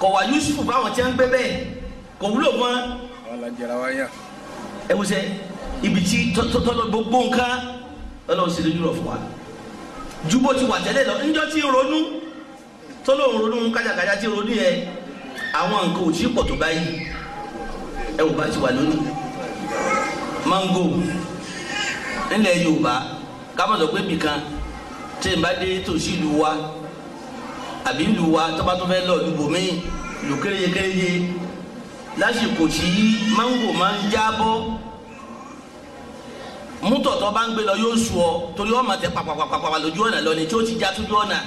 kọ̀ wá yusufu báwọn ti ń gbé bẹ́ẹ̀ kò wúlò fún wọn. àwọn lajara wa yà. ẹ wusẹ ibi tí tọ́tọ́tọ́ gbogbo nǹkan ọlọ́run sì lójú rọ̀ fún wa ju bó ti wà tẹ́lẹ̀ lọ níjọ́ tí ronú tọ́lọ́ ronú kájàkájà tí ronú yẹ àwọn nǹkan ò tí pọ̀ tó báyìí ẹ bá ti wà lónìí mango nílẹ̀ yorùbá kábọ̀dọ̀ pé bìkan tí n bá dé tòsí ìlú wa àbí ìlú wa tọ́ba tó fẹ́ lọ lùbò mí lù kéréyékéréyé lásìkò tí mango máa ń jábọ́ mútọ̀ tó bá ń gbé lọ yóò sùn ọ torí ọmọ tẹ pàpàpàpàpà lójú ọ̀nà lọ ni tí ó ti já tójú ọ̀nà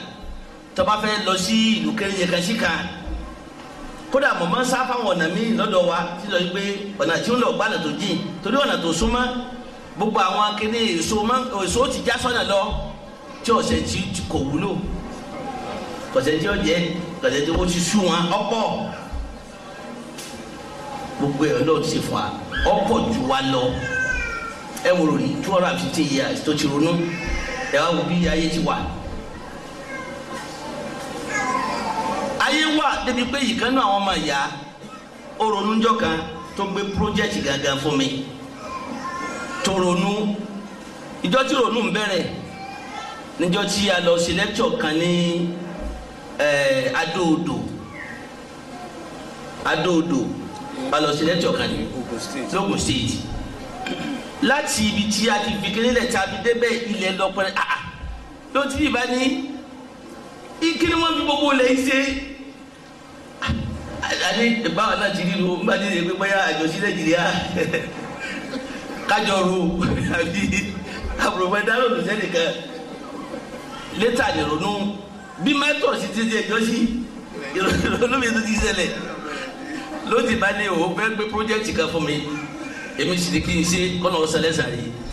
tọ́ba fẹ́ lọ sí ìlú kéréyékéréyé kan kódà mo máa ń sá fáwọn ọ̀nà míì lọ́dọ̀ wa sísọ yìí pé ọ̀nà tí ń lọ gbàlẹ̀ tó jìn torí ọ̀nà tó súnmọ́ gbogbo àwọn akéde èso èso ti já sọ́nà lọ tí ọ̀sẹ̀ tí kò wúlò kọ̀sẹ̀ tí ọ̀jẹ̀ kọ̀sẹ̀ tí ó ti sú wọn ọ̀pọ̀ gbogbo ẹ̀ lọ́ọ̀ ti fà ọ̀pọ̀ ju wa lọ ẹ wò lórí two hundred and fifty years tó ti ronú ẹ wá wo bí ayé ti wà. wà débi pé ìkànnì àwọn ọmọ ìyá ó ronú jọ kan tó gbé project gangan fún mi tó ronú ìjọ tí ronú ń bẹ̀rẹ̀ níjọ tí a lọ sí lecture kan ní adóodò adóodò a lọ sí lecture kan ní lókun state láti ibi tí a ti fi kéré lẹ̀ tí a fi débẹ̀ ilẹ̀ lọ pẹ́rẹ́ ah, ah. ló ti bá ní kí ni wọ́n fi gbogbo lẹ́yìn ṣe àní báwa náà ti rí lu nígbà tí èpè bóyá àjọṣí nàìjíríà kájọ ro àbí àbùrọ̀mọ dáná ló sẹ́ni kan létà lè ronú bí mẹ́tọ̀ sí ti di ẹjọ́sí ìrònú mi tó ti ṣẹlẹ̀ ló ti bá ní òun fẹ́ gbé pírójẹ́tì kan fún mi èmi sì ni kí n ṣe kọ́nà ọ̀sán lẹ́sàrí yìí.